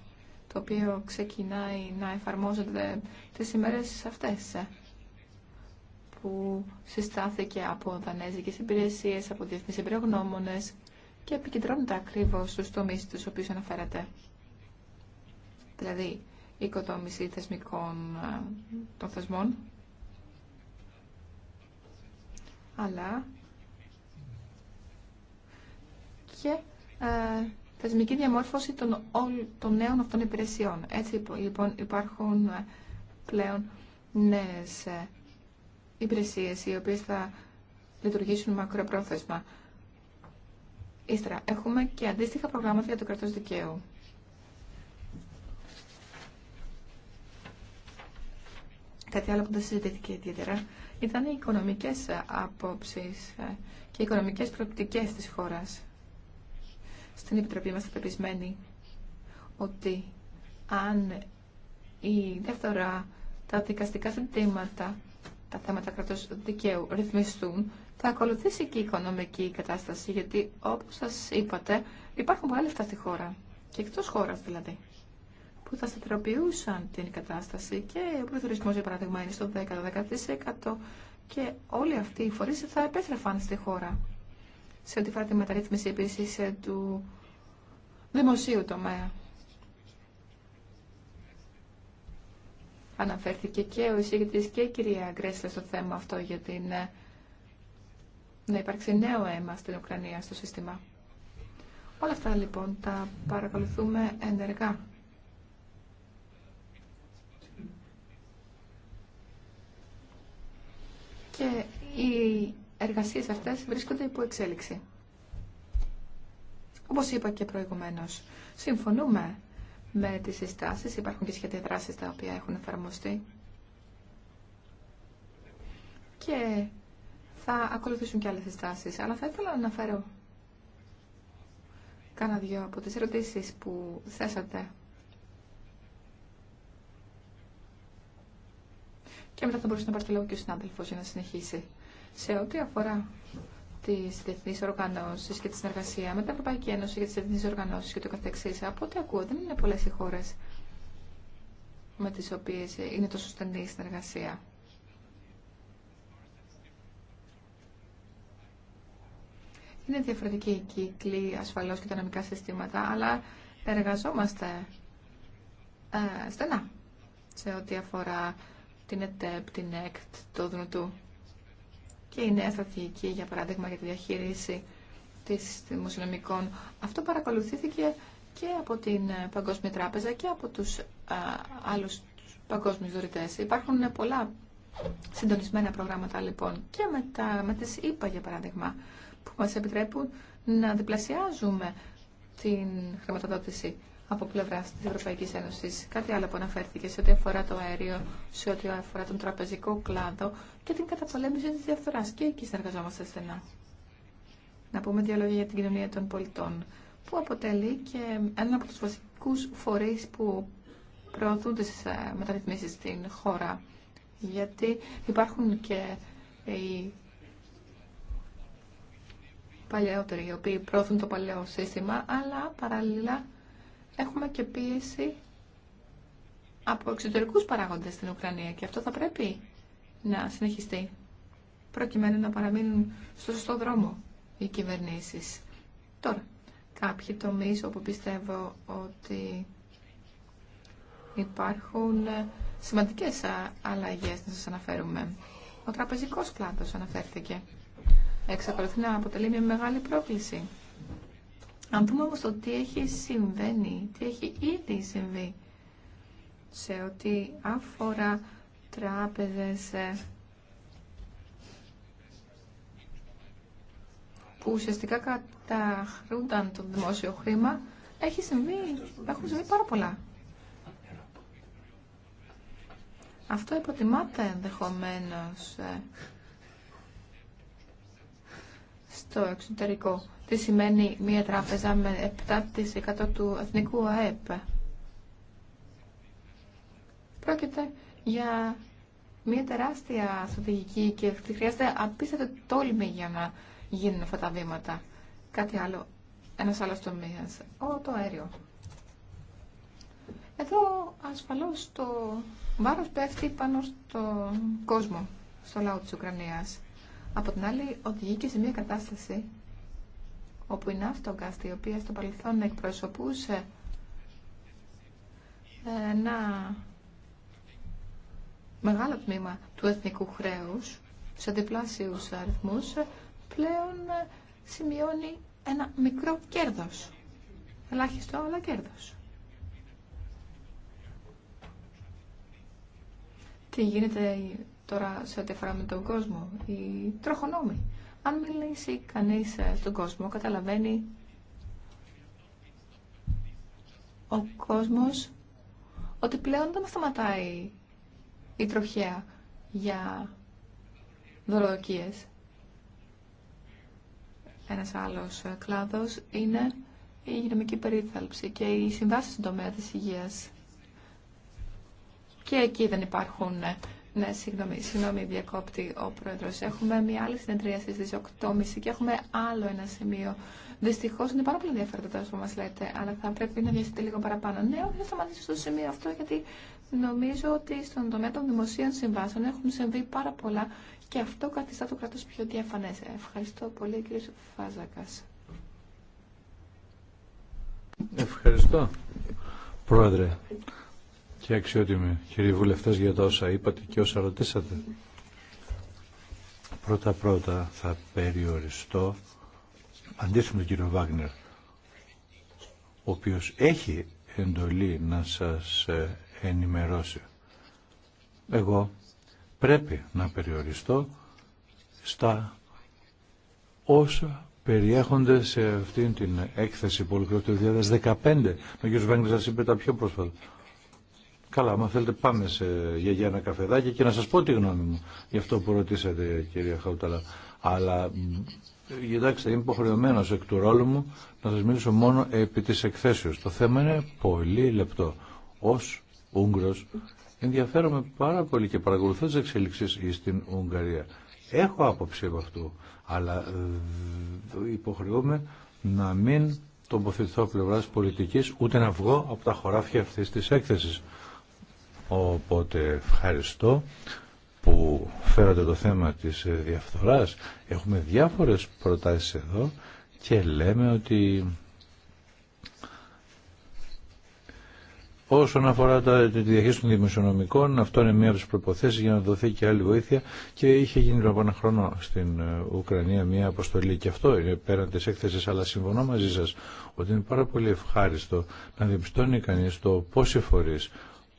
το οποίο ξεκινάει να εφαρμόζεται τις ημέρες αυτές που συστάθηκε από δανέζικέ υπηρεσίε, από διεθνεί εμπειρογνώμονε και επικεντρώνεται ακριβώς στου τομείς του οποίους αναφέρατε. Δηλαδή, οικοδόμηση θεσμικών των θεσμών, αλλά και θεσμική διαμόρφωση των, των νέων αυτών υπηρεσιών. Έτσι λοιπόν υπάρχουν πλέον νέες υπηρεσίε οι οποίε θα λειτουργήσουν μακροπρόθεσμα. Ύστερα, έχουμε και αντίστοιχα προγράμματα για το κρατό δικαίου. Κάτι άλλο που δεν συζητήθηκε ιδιαίτερα ήταν οι οικονομικές απόψεις ε, και οι οικονομικές προοπτικές της χώρας. Στην Επιτροπή είμαστε πεπισμένοι ότι αν η δεύτερα τα δικαστικά συντήματα τα θέματα κρατός δικαίου ρυθμιστούν, θα ακολουθήσει και η οικονομική κατάσταση, γιατί όπως σας είπατε υπάρχουν πολλά λεφτά στη χώρα, και εκτός χώρας δηλαδή, που θα σταθεροποιούσαν την κατάσταση και ο πληθωρισμός για παράδειγμα είναι στο 10-10% και όλοι αυτοί οι φορείς θα επέστρεφαν στη χώρα. Σε ό,τι φορά τη μεταρρύθμιση επίσης ε, του δημοσίου τομέα. Αναφέρθηκε και ο εισηγητής και η κυρία Γκρέσλε στο θέμα αυτό για την, ε, να υπάρξει νέο αίμα στην Ουκρανία στο σύστημα. Όλα αυτά λοιπόν τα παρακολουθούμε ενεργά. Και οι εργασίες αυτές βρίσκονται υπό εξέλιξη. Όπως είπα και προηγουμένως, συμφωνούμε με τις συστάσεις. Υπάρχουν και σχέδια δράσεις τα οποία έχουν εφαρμοστεί. Και θα ακολουθήσουν και άλλες συστάσεις. Αλλά θα ήθελα να αναφέρω κάνα δυο από τι ερωτήσει που θέσατε. Και μετά θα μπορούσε να πάρει το λόγο και ο συνάδελφο για να συνεχίσει. Σε ό,τι αφορά τι διεθνεί οργανώσει και τη συνεργασία με την Ευρωπαϊκή Ένωση και τι διεθνεί οργανώσει και το καθεξή. Από ό,τι ακούω, δεν είναι πολλέ οι χώρε με τι οποίε είναι τόσο στενή η συνεργασία. Είναι διαφορετική η κύκλη, ασφαλώ και τα νομικά συστήματα, αλλά εργαζόμαστε ε, στενά σε ό,τι αφορά την ΕΤΕΠ, την ΕΚΤ, το ΔΝΤΟΥ και η νέα στρατηγική, για παράδειγμα, για τη διαχείριση της δημοσιονομικών. Αυτό παρακολουθήθηκε και από την ε, Παγκόσμια Τράπεζα και από τους α, ε, άλλους παγκόσμιους δωρητές. Υπάρχουν ε, πολλά συντονισμένα προγράμματα λοιπόν και με, τα, με τις για παράδειγμα που μας επιτρέπουν να διπλασιάζουμε την χρηματοδότηση από πλευρά τη Ευρωπαϊκή Ένωση. Κάτι άλλο που αναφέρθηκε σε ό,τι αφορά το αέριο, σε ό,τι αφορά τον τραπεζικό κλάδο και την καταπολέμηση τη διαφθορά. Και εκεί συνεργαζόμαστε στενά. Να πούμε δύο λόγια για την κοινωνία των πολιτών, που αποτελεί και ένα από του βασικού φορεί που προωθούν τι ε, μεταρρυθμίσει στην χώρα. Γιατί υπάρχουν και οι παλαιότεροι, οι οποίοι προωθούν το παλαιό σύστημα, αλλά παράλληλα έχουμε και πίεση από εξωτερικούς παράγοντες στην Ουκρανία και αυτό θα πρέπει να συνεχιστεί προκειμένου να παραμείνουν στο σωστό δρόμο οι κυβερνήσεις. Τώρα, κάποιοι τομείς όπου πιστεύω ότι υπάρχουν σημαντικές αλλαγές να σας αναφέρουμε. Ο τραπεζικός κλάδος αναφέρθηκε. Εξακολουθεί να αποτελεί μια μεγάλη πρόκληση αν δούμε όμως το τι έχει συμβαίνει, τι έχει ήδη συμβεί σε ό,τι αφορά τράπεζες ε, που ουσιαστικά καταχρούνταν το δημόσιο χρήμα, έχει συμβεί, έχουν συμβεί πάρα πολλά. Αυτό υποτιμάται ενδεχομένως ε, στο εξωτερικό τι σημαίνει μία τράπεζα με 7% του εθνικού ΑΕΠ. Πρόκειται για μία τεράστια στρατηγική και χρειάζεται απίστευτο τόλμη για να γίνουν αυτά τα βήματα. Κάτι άλλο, ένας άλλος τομέας, ο, το αέριο. Εδώ ασφαλώς το βάρος πέφτει πάνω στον κόσμο, στο λαό της Ουκρανίας. Από την άλλη, οδηγεί και σε μια κατάσταση όπου η Ναύτογκας, η οποία στο παρελθόν εκπροσωπούσε ένα μεγάλο τμήμα του εθνικού χρέους σε διπλάσιους αριθμούς, πλέον σημειώνει ένα μικρό κέρδος. Ελάχιστο, αλλά κέρδος. Τι γίνεται τώρα σε ό,τι αφορά με τον κόσμο, οι τροχονόμοι αν μιλήσει κανείς ε, στον κόσμο, καταλαβαίνει ο κόσμος ότι πλέον δεν σταματάει η τροχέα για δωροδοκίες. Ένας άλλος ε, κλάδος είναι η υγειονομική περίθαλψη και οι συμβάσει στον τομέα της υγείας. Και εκεί δεν υπάρχουν ε, ναι, συγγνώμη, συγγνώμη, διακόπτη ο πρόεδρο. Έχουμε μια άλλη συνεδρία στι 8.30 και έχουμε άλλο ένα σημείο. Δυστυχώ είναι πάρα πολύ ενδιαφέροντα τα που μα λέτε, αλλά θα πρέπει να βιαστείτε λίγο παραπάνω. Ναι, όχι, θα σταματήσω στο σημείο αυτό, γιατί νομίζω ότι στον τομέα των δημοσίων συμβάσεων έχουν συμβεί πάρα πολλά και αυτό καθιστά το κράτο πιο διαφανέ. Ευχαριστώ πολύ, κύριε Φάζακα. Ευχαριστώ, πρόεδρε και αξιότιμοι κύριοι Βουλευτέ για τα όσα είπατε και όσα ρωτήσατε. Πρώτα-πρώτα θα περιοριστώ αντίστοιχο με τον κύριο Βάγνερ, ο οποίος έχει εντολή να σας ε, ενημερώσει. Εγώ πρέπει να περιοριστώ στα όσα περιέχονται σε αυτήν την έκθεση που ολοκληρώθηκε το 2015. Ο κ. σας είπε τα πιο πρόσφατα. Καλά, άμα θέλετε πάμε σε, για, ένα καφεδάκι και να σας πω τη γνώμη μου για αυτό που ρωτήσατε κυρία Χαουταλά. Αλλά κοιτάξτε, είμαι υποχρεωμένο εκ του ρόλου μου να σας μιλήσω μόνο επί της εκθέσεως. Το θέμα είναι πολύ λεπτό. Ως Ούγγρος ενδιαφέρομαι πάρα πολύ και παρακολουθώ τις εξελίξεις στην Ουγγαρία. Έχω άποψη από αυτού, αλλά υποχρεώμαι να μην τοποθετηθώ πλευράς πολιτικής ούτε να βγω από τα χωράφια αυτής της έκθεσης. Οπότε ευχαριστώ που φέρατε το θέμα της ε, διαφθοράς. Έχουμε διάφορες προτάσεις εδώ και λέμε ότι Όσον αφορά τα, τη διαχείριση των δημοσιονομικών, αυτό είναι μία από τις προποθέσει για να δοθεί και άλλη βοήθεια και είχε γίνει από ένα χρόνο στην ε, Ουκρανία μία αποστολή και αυτό είναι πέραν τη έκθεση. Αλλά συμφωνώ μαζί σας ότι είναι πάρα πολύ ευχάριστο να διαπιστώνει κανείς το πόσοι φορεί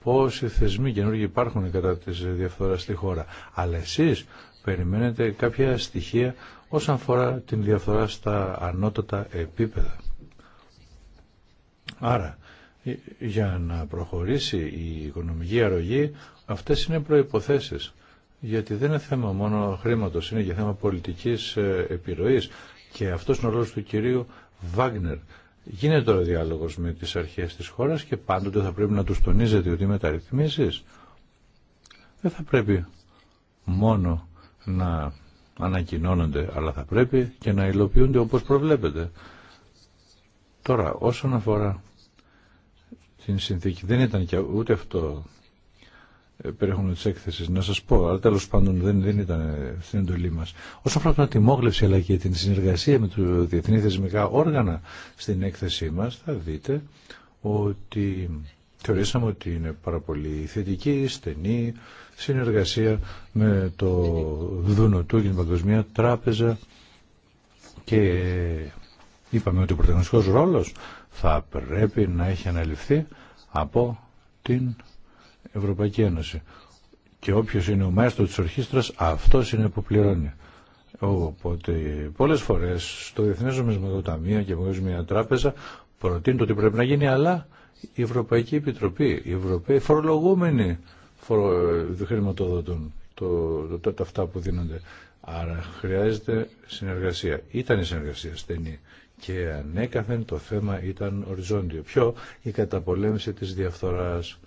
πόσοι θεσμοί καινούργοι υπάρχουν κατά τη διαφθοράς στη χώρα. Αλλά εσείς περιμένετε κάποια στοιχεία όσον αφορά την διαφθορά στα ανώτατα επίπεδα. Άρα, ε, για να προχωρήσει η οικονομική αρρωγή, αυτές είναι προϋποθέσεις. Γιατί δεν είναι θέμα μόνο χρήματος, είναι και θέμα πολιτικής ε, επιρροής. Και αυτός είναι ο του κυρίου Βάγνερ Γίνεται τώρα διάλογος με τις αρχές της χώρας και πάντοτε θα πρέπει να τους τονίζετε ότι οι μεταρρυθμίσεις δεν θα πρέπει μόνο να ανακοινώνονται, αλλά θα πρέπει και να υλοποιούνται όπως προβλέπετε. Τώρα, όσον αφορά την συνθήκη, δεν ήταν και ούτε αυτό περιεχόμενο τη έκθεση, να σα πω, αλλά τέλο πάντων δεν, δεν ήταν στην εντολή μα. Όσον αφορά την ατιμόγλευση αλλά και την συνεργασία με το διεθνή θεσμικά όργανα στην έκθεσή μα, θα δείτε ότι θεωρήσαμε ότι είναι πάρα πολύ θετική, στενή συνεργασία με το Δούνο του και την Παγκοσμία Τράπεζα και είπαμε ότι ο πρωταγωνιστικός ρόλος θα πρέπει να έχει αναλυφθεί από την Ευρωπαϊκή Ένωση. Και όποιο είναι ο μάστος τη Ορχήστρα, αυτό είναι που πληρώνει. Οπότε πολλές φορές στο Διεθνές Νομισματοταμείο και μια Τράπεζα προτείνουν ότι πρέπει να γίνει, αλλά η Ευρωπαϊκή Επιτροπή, οι Ευρωπαίοι φορολογούμενοι ε, χρηματοδοτούν το, το, το, τα αυτά που δίνονται. Άρα χρειάζεται συνεργασία. Ήταν η συνεργασία στενή και ανέκαθεν το θέμα ήταν οριζόντιο. Ποιο η καταπολέμηση της διαφθοράς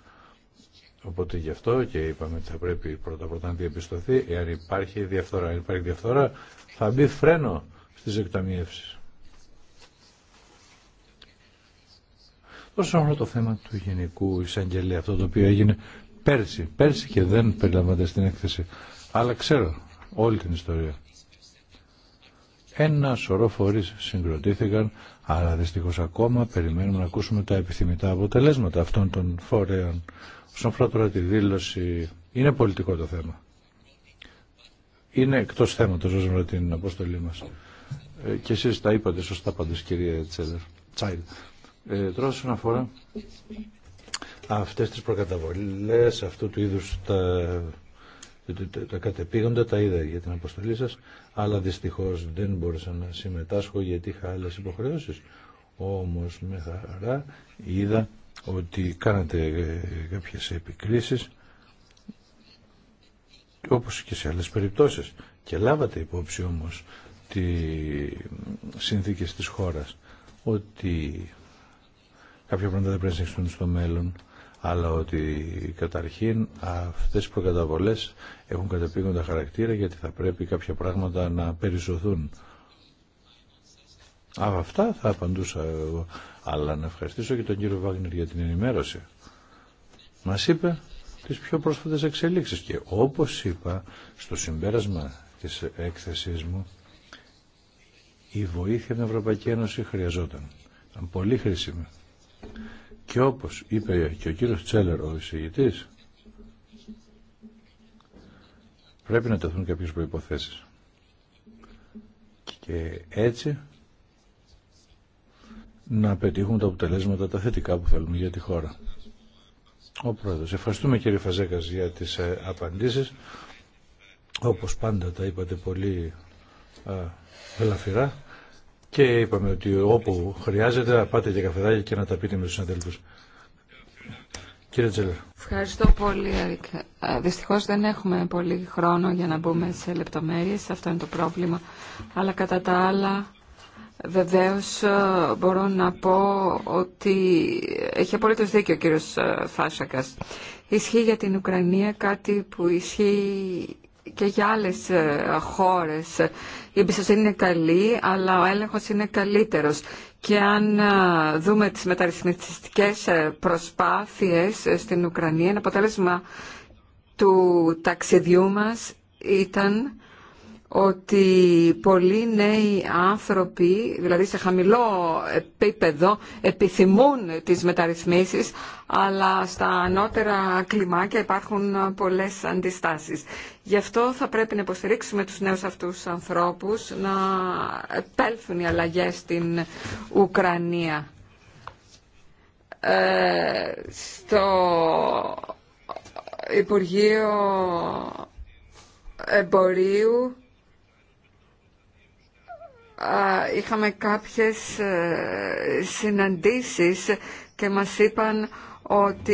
Οπότε γι' αυτό και είπαμε ότι θα πρέπει πρώτα πρώτα να διαπιστωθεί εάν υπάρχει διαφθορά. Αν υπάρχει διαφθορά θα μπει φρένο στις εκταμιεύσεις. Τόσο όλο το θέμα του γενικού εισαγγελέα, αυτό το οποίο έγινε πέρσι, πέρσι και δεν περιλαμβάνεται στην έκθεση, αλλά ξέρω όλη την ιστορία. Ένα σωρό φορείς συγκροτήθηκαν, αλλά δυστυχώς ακόμα περιμένουμε να ακούσουμε τα επιθυμητά αποτελέσματα αυτών των φορέων σαν αφορά τώρα τη δήλωση, είναι πολιτικό το θέμα. Είναι εκτό θέματο όσον με την αποστολή μα. Ε, και εσεί τα είπατε σωστά πάντω, κυρία Τσέλερ. Τσάιλ. Ε, τώρα όσον αφορά αυτές τις προκαταβολές, αυτού του είδου τα, τα κατεπήγοντα, τα είδα για την αποστολή σας, αλλά δυστυχώς δεν μπόρεσα να συμμετάσχω γιατί είχα άλλες υποχρεώσεις. Όμως με χαρά είδα ότι κάνατε ε, κάποιες επικρίσεις όπως και σε άλλες περιπτώσεις και λάβατε υπόψη όμως τη συνθήκες της χώρας ότι κάποια πράγματα δεν πρέπει να συνεχιστούν στο μέλλον αλλά ότι καταρχήν αυτές οι προκαταβολές έχουν τα χαρακτήρα γιατί θα πρέπει κάποια πράγματα να περισσωθούν. αυτά θα απαντούσα εγώ. Αλλά να ευχαριστήσω και τον κύριο Βάγνερ για την ενημέρωση. Μα είπε τις πιο πρόσφατε εξελίξει. και όπως είπα στο συμπέρασμα της έκθεσής μου η βοήθεια την Ευρωπαϊκή Ένωση χρειαζόταν. Ήταν πολύ χρήσιμη. Και όπως είπε και ο κύριο Τσέλερ ο εισηγητή, πρέπει να τεθούν κάποιε προποθέσει. Και έτσι να πετύχουν τα αποτελέσματα τα θετικά που θέλουμε για τη χώρα. Ο Πρόεδρος. Ευχαριστούμε κύριε Φαζέκας για τις ε, απαντήσεις. Όπως πάντα τα είπατε πολύ α, ελαφυρά και είπαμε ότι όπου χρειάζεται πάτε για καφεδάκι και να τα πείτε με τους συναδέλφους. Κύριε Τζέλερ. Ευχαριστώ πολύ, Ερικ. Ε, Δυστυχώ δεν έχουμε πολύ χρόνο για να μπούμε σε λεπτομέρειε. Αυτό είναι το πρόβλημα. Αλλά κατά τα άλλα, Βεβαίως ε, μπορώ να πω ότι έχει απολύτως δίκιο ο κύριος ε, Φάσακας. Ισχύει για την Ουκρανία κάτι που ισχύει και για άλλες ε, χώρες. Η εμπιστοσύνη είναι καλή, αλλά ο έλεγχος είναι καλύτερος. Και αν δούμε τις μεταρρυθμιστικές προσπάθειες στην Ουκρανία, ένα αποτέλεσμα του ταξιδιού μας ήταν ότι πολλοί νέοι άνθρωποι, δηλαδή σε χαμηλό επίπεδο, επιθυμούν τις μεταρρυθμίσεις, αλλά στα ανώτερα κλιμάκια υπάρχουν πολλές αντιστάσεις. Γι' αυτό θα πρέπει να υποστηρίξουμε τους νέους αυτούς ανθρώπους να επέλθουν οι αλλαγές στην Ουκρανία. Ε, στο Υπουργείο Εμπορίου είχαμε κάποιες ε, συναντήσεις και μας είπαν ότι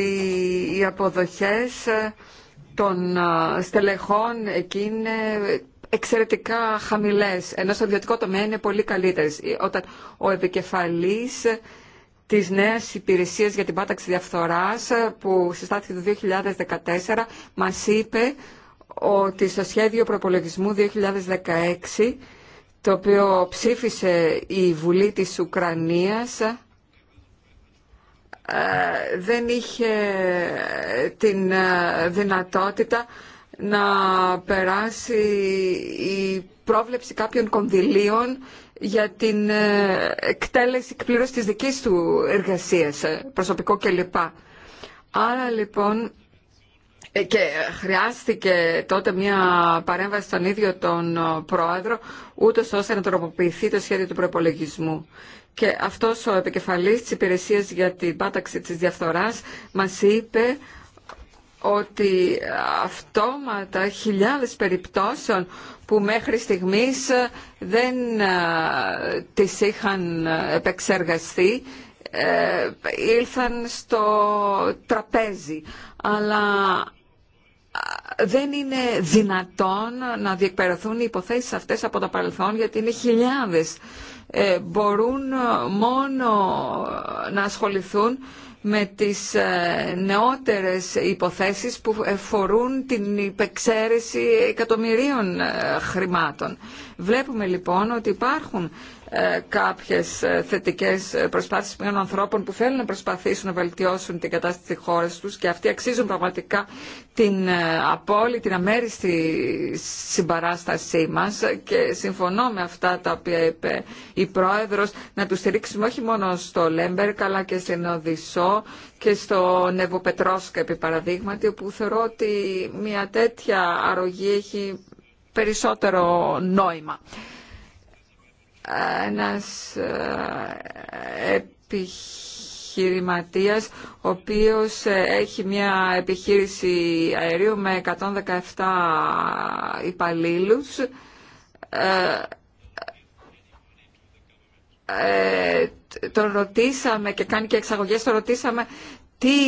οι αποδοχές ε, των ε, στελεχών εκεί είναι εξαιρετικά χαμηλές, ενώ στο ιδιωτικό τομέα είναι πολύ καλύτερες. Όταν ο επικεφαλής της νέας υπηρεσίας για την πάταξη διαφθοράς που συστάθηκε το 2014 μας είπε ότι στο σχέδιο προπολογισμού 2016 το οποίο ψήφισε η Βουλή της Ουκρανίας ε, δεν είχε την ε, δυνατότητα να περάσει η πρόβλεψη κάποιων κονδυλίων για την ε, εκτέλεση εκπλήρωση της δικής του εργασίας, προσωπικό κλπ. Άρα λοιπόν ε, και χρειάστηκε τότε μια παρέμβαση στον ίδιο τον ε, πρόεδρο, ούτω ώστε να τροποποιηθεί το σχέδιο του προπολογισμού. Και αυτός ο επικεφαλής της υπηρεσίας για την πάταξη της διαφθοράς μας είπε ότι αυτόματα χιλιάδες περιπτώσεων που μέχρι στιγμής ε, δεν τις είχαν επεξεργαστεί ήλθαν στο τραπέζι. Αλλά δεν είναι δυνατόν να διεκπαιρεθούν οι υποθέσεις αυτές από τα παρελθόν γιατί είναι χιλιάδες. Ε, μπορούν μόνο να ασχοληθούν με τις ε, νεότερες υποθέσεις που εφορούν την υπεξαίρεση εκατομμυρίων ε, χρημάτων. Βλέπουμε λοιπόν ότι υπάρχουν ε, κάποιες ε, θετικές ε, προσπάθειες των ανθρώπων που θέλουν να προσπαθήσουν να βελτιώσουν την κατάσταση της χώρας τους και αυτοί αξίζουν πραγματικά την απόλυτη, την αμέριστη συμπαράστασή μας και συμφωνώ με αυτά τα οποία είπε η Πρόεδρος να τους στηρίξουμε όχι μόνο στο Λέμπερκ αλλά και στην Οδυσσό και στο Νεβοπετρόσκα επί παραδείγματι όπου θεωρώ ότι μια τέτοια αρρωγή έχει περισσότερο νόημα ένας ε, επιχειρηματίας ο οποίος ε, έχει μια επιχείρηση αερίου με 117 υπαλλήλους ε, τον ρωτήσαμε και κάνει και εξαγωγές, τον ρωτήσαμε τι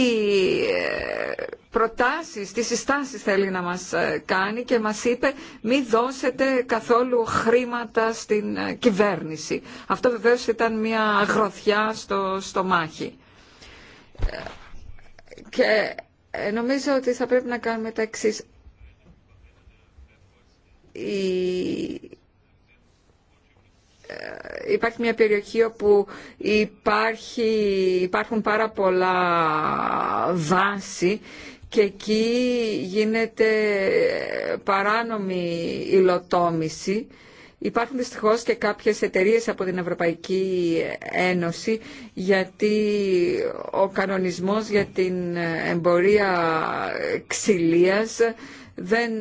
προτάσεις, τι συστάσεις θέλει να μας ε, κάνει και μας είπε μη δώσετε καθόλου χρήματα στην ε, κυβέρνηση. Αυτό βεβαίως ήταν μια αγροθιά στο στομάχι. Ε, και νομίζω ότι θα πρέπει να κάνουμε τα εξής. Υπάρχει μια περιοχή όπου υπάρχει, υπάρχουν πάρα πολλά δάση και εκεί γίνεται παράνομη υλοτόμηση. Υπάρχουν δυστυχώς και κάποιες εταιρείες από την Ευρωπαϊκή Ένωση γιατί ο κανονισμός για την εμπορία ξυλίας δεν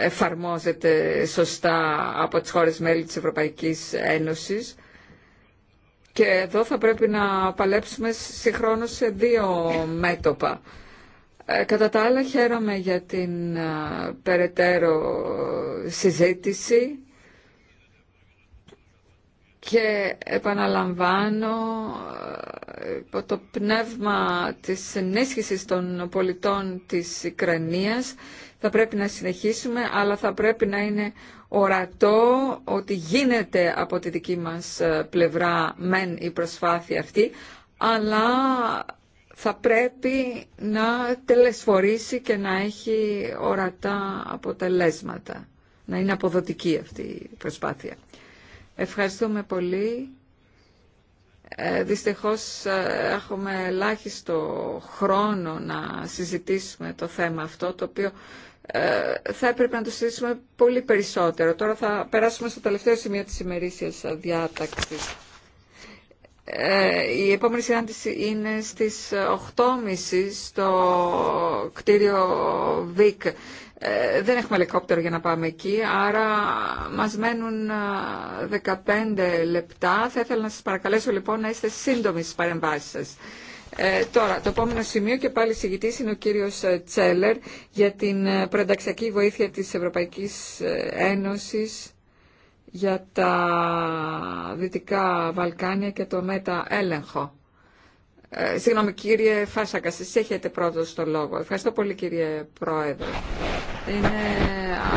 εφαρμόζεται σωστά από τις χώρες μέλη της Ευρωπαϊκής Ένωσης. Και εδώ θα πρέπει να παλέψουμε συγχρόνως σε δύο μέτωπα. Ε, κατά τα άλλα χαίρομαι για την ε, περαιτέρω συζήτηση και επαναλαμβάνω ε, υπό το πνεύμα της ενίσχυσης των πολιτών της Ικρανίας θα πρέπει να συνεχίσουμε αλλά θα πρέπει να είναι ορατό ότι γίνεται από τη δική μας πλευρά μεν η προσπάθεια αυτή αλλά θα πρέπει να τελεσφορήσει και να έχει ορατά αποτελέσματα. Να είναι αποδοτική αυτή η προσπάθεια. Ευχαριστούμε πολύ. Ε, δυστυχώς ε, έχουμε ελάχιστο χρόνο να συζητήσουμε το θέμα αυτό, το οποίο ε, θα έπρεπε να το συζητήσουμε πολύ περισσότερο. Τώρα θα περάσουμε στο τελευταίο σημείο της ημερήσιας διάταξης. Ε, η επόμενη συνάντηση είναι στις 8.30 στο κτίριο ΒΙΚ. Ε, δεν έχουμε ελικόπτερο για να πάμε εκεί, άρα μας μένουν 15 ε, λεπτά. Θα ήθελα να σας παρακαλέσω λοιπόν να είστε σύντομοι στις παρεμβάσεις σας. τώρα, το επόμενο σημείο και πάλι συγητής είναι ο κύριος Τσέλερ για την προενταξιακή βοήθεια της Ευρωπαϊκής Ένωσης για τα Δυτικά Βαλκάνια και το μεταέλεγχο. Ε, συγγνώμη κύριε Φάσακα, εσείς έχετε πρώτο στο λόγο. Ευχαριστώ πολύ κύριε Πρόεδρε. Είναι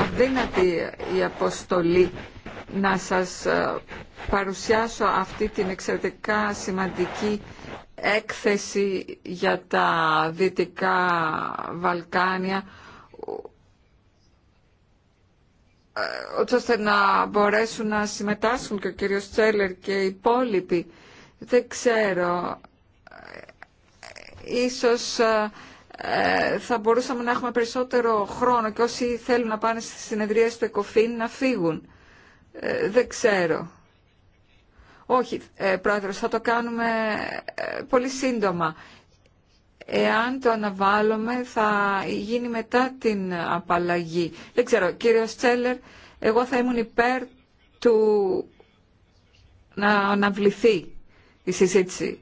αδύνατη η αποστολή να σας ε, παρουσιάσω αυτή την εξαιρετικά σημαντική έκθεση για τα Δυτικά Βαλκάνια Ε, ώστε να μπορέσουν να συμμετάσχουν και ο κύριος Τσέλερ και οι υπόλοιποι. Δεν ξέρω. Ε, ίσως ε, θα μπορούσαμε να έχουμε περισσότερο χρόνο και όσοι θέλουν να πάνε στις συνεδρίες του ΕΚΟΦΗΝ να φύγουν. Δεν ξέρω. Όχι, πρόεδρος, θα το κάνουμε πολύ σύντομα εάν το αναβάλουμε θα γίνει μετά την απαλλαγή. Δεν ξέρω, κύριο Στσέλλερ, εγώ θα ήμουν υπέρ του να αναβληθεί η συζήτηση.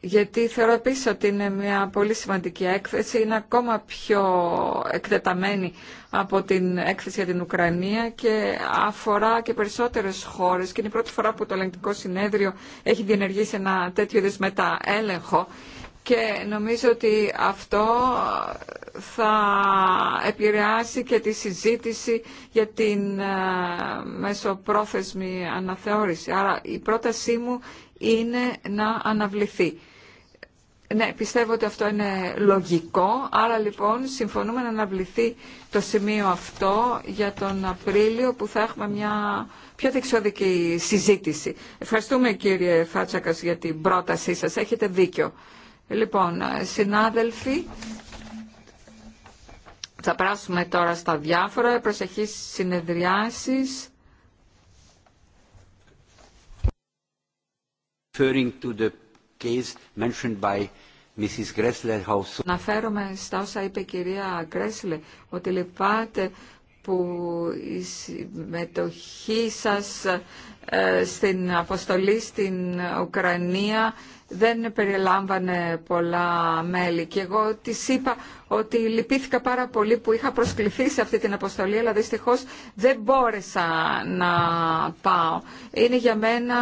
Γιατί θεωρώ επίσης ότι είναι μια πολύ σημαντική έκθεση, είναι ακόμα πιο εκτεταμένη από την έκθεση για την Ουκρανία και αφορά και περισσότερες χώρες και είναι η πρώτη φορά που το ελεγκτικό συνέδριο έχει διενεργήσει ένα τέτοιο είδους μεταέλεγχο και νομίζω ότι αυτό θα επηρεάσει και τη συζήτηση για την ε, μεσοπρόθεσμη αναθεώρηση. Άρα η πρότασή μου είναι να αναβληθεί. Ναι, πιστεύω ότι αυτό είναι λογικό. Άρα λοιπόν συμφωνούμε να αναβληθεί το σημείο αυτό για τον Απρίλιο που θα έχουμε μια πιο δεξιόδικη συζήτηση. Ευχαριστούμε κύριε Φάτσακας για την πρότασή σας. Έχετε δίκιο. Λοιπόν, ε, συνάδελφοι, θα πράσουμε τώρα στα διάφορα, προσεχείς συνεδριάσεις. To Να στα όσα είπε η κυρία Γκρέσλε, ότι λυπάται που η συμμετοχή σας ε, στην αποστολή στην Ουκρανία δεν περιλάμβανε πολλά μέλη και εγώ της είπα ότι λυπήθηκα πάρα πολύ που είχα προσκληθεί σε αυτή την αποστολή αλλά δυστυχώς δεν μπόρεσα να πάω. Είναι για μένα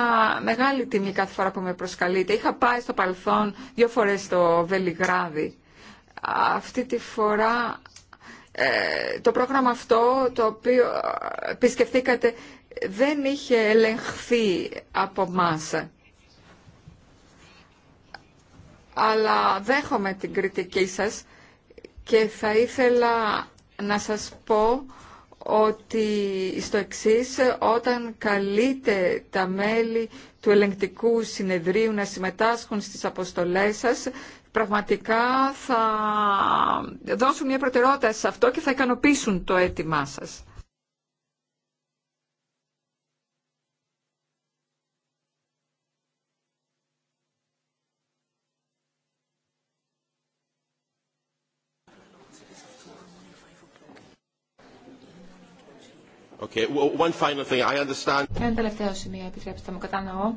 μεγάλη τιμή κάθε φορά που με προσκαλείτε. Είχα πάει στο παρελθόν δύο φορές στο Βελιγράδι. Αυτή τη φορά ε, το πρόγραμμα αυτό το οποίο επισκεφτήκατε δεν είχε ελεγχθεί από μας. Αλλά δέχομαι την κριτική σας και θα ήθελα να σας πω ότι στο εξής όταν καλείτε τα μέλη του ελεγκτικού συνεδρίου να συμμετάσχουν στις αποστολές σας πραγματικά θα δώσουν μια προτεραιότητα σε αυτό και θα ικανοποιήσουν το αίτημά σας. Okay. One final thing. I understand. Ένα τελευταίο σημείο, επιτρέψτε μου, κατανοώ.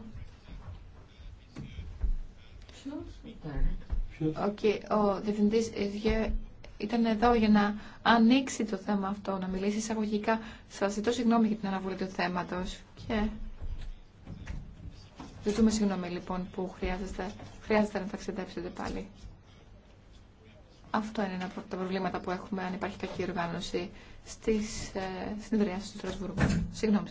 Ποιος? Ο, ο Διευθυντής ήταν εδώ για να ανοίξει το θέμα αυτό, να μιλήσει εισαγωγικά. Σας ζητώ συγγνώμη για την αναβολή του θέματος. Και... Ζητούμε συγγνώμη λοιπόν που χρειάζεστε, χρειάζεται να ταξιδέψετε πάλι. Αυτό είναι ένα από τα προβλήματα που έχουμε αν υπάρχει κακή οργάνωση στις ε, συνεδριάσεις του Στρασβούργου. Συγγνώμη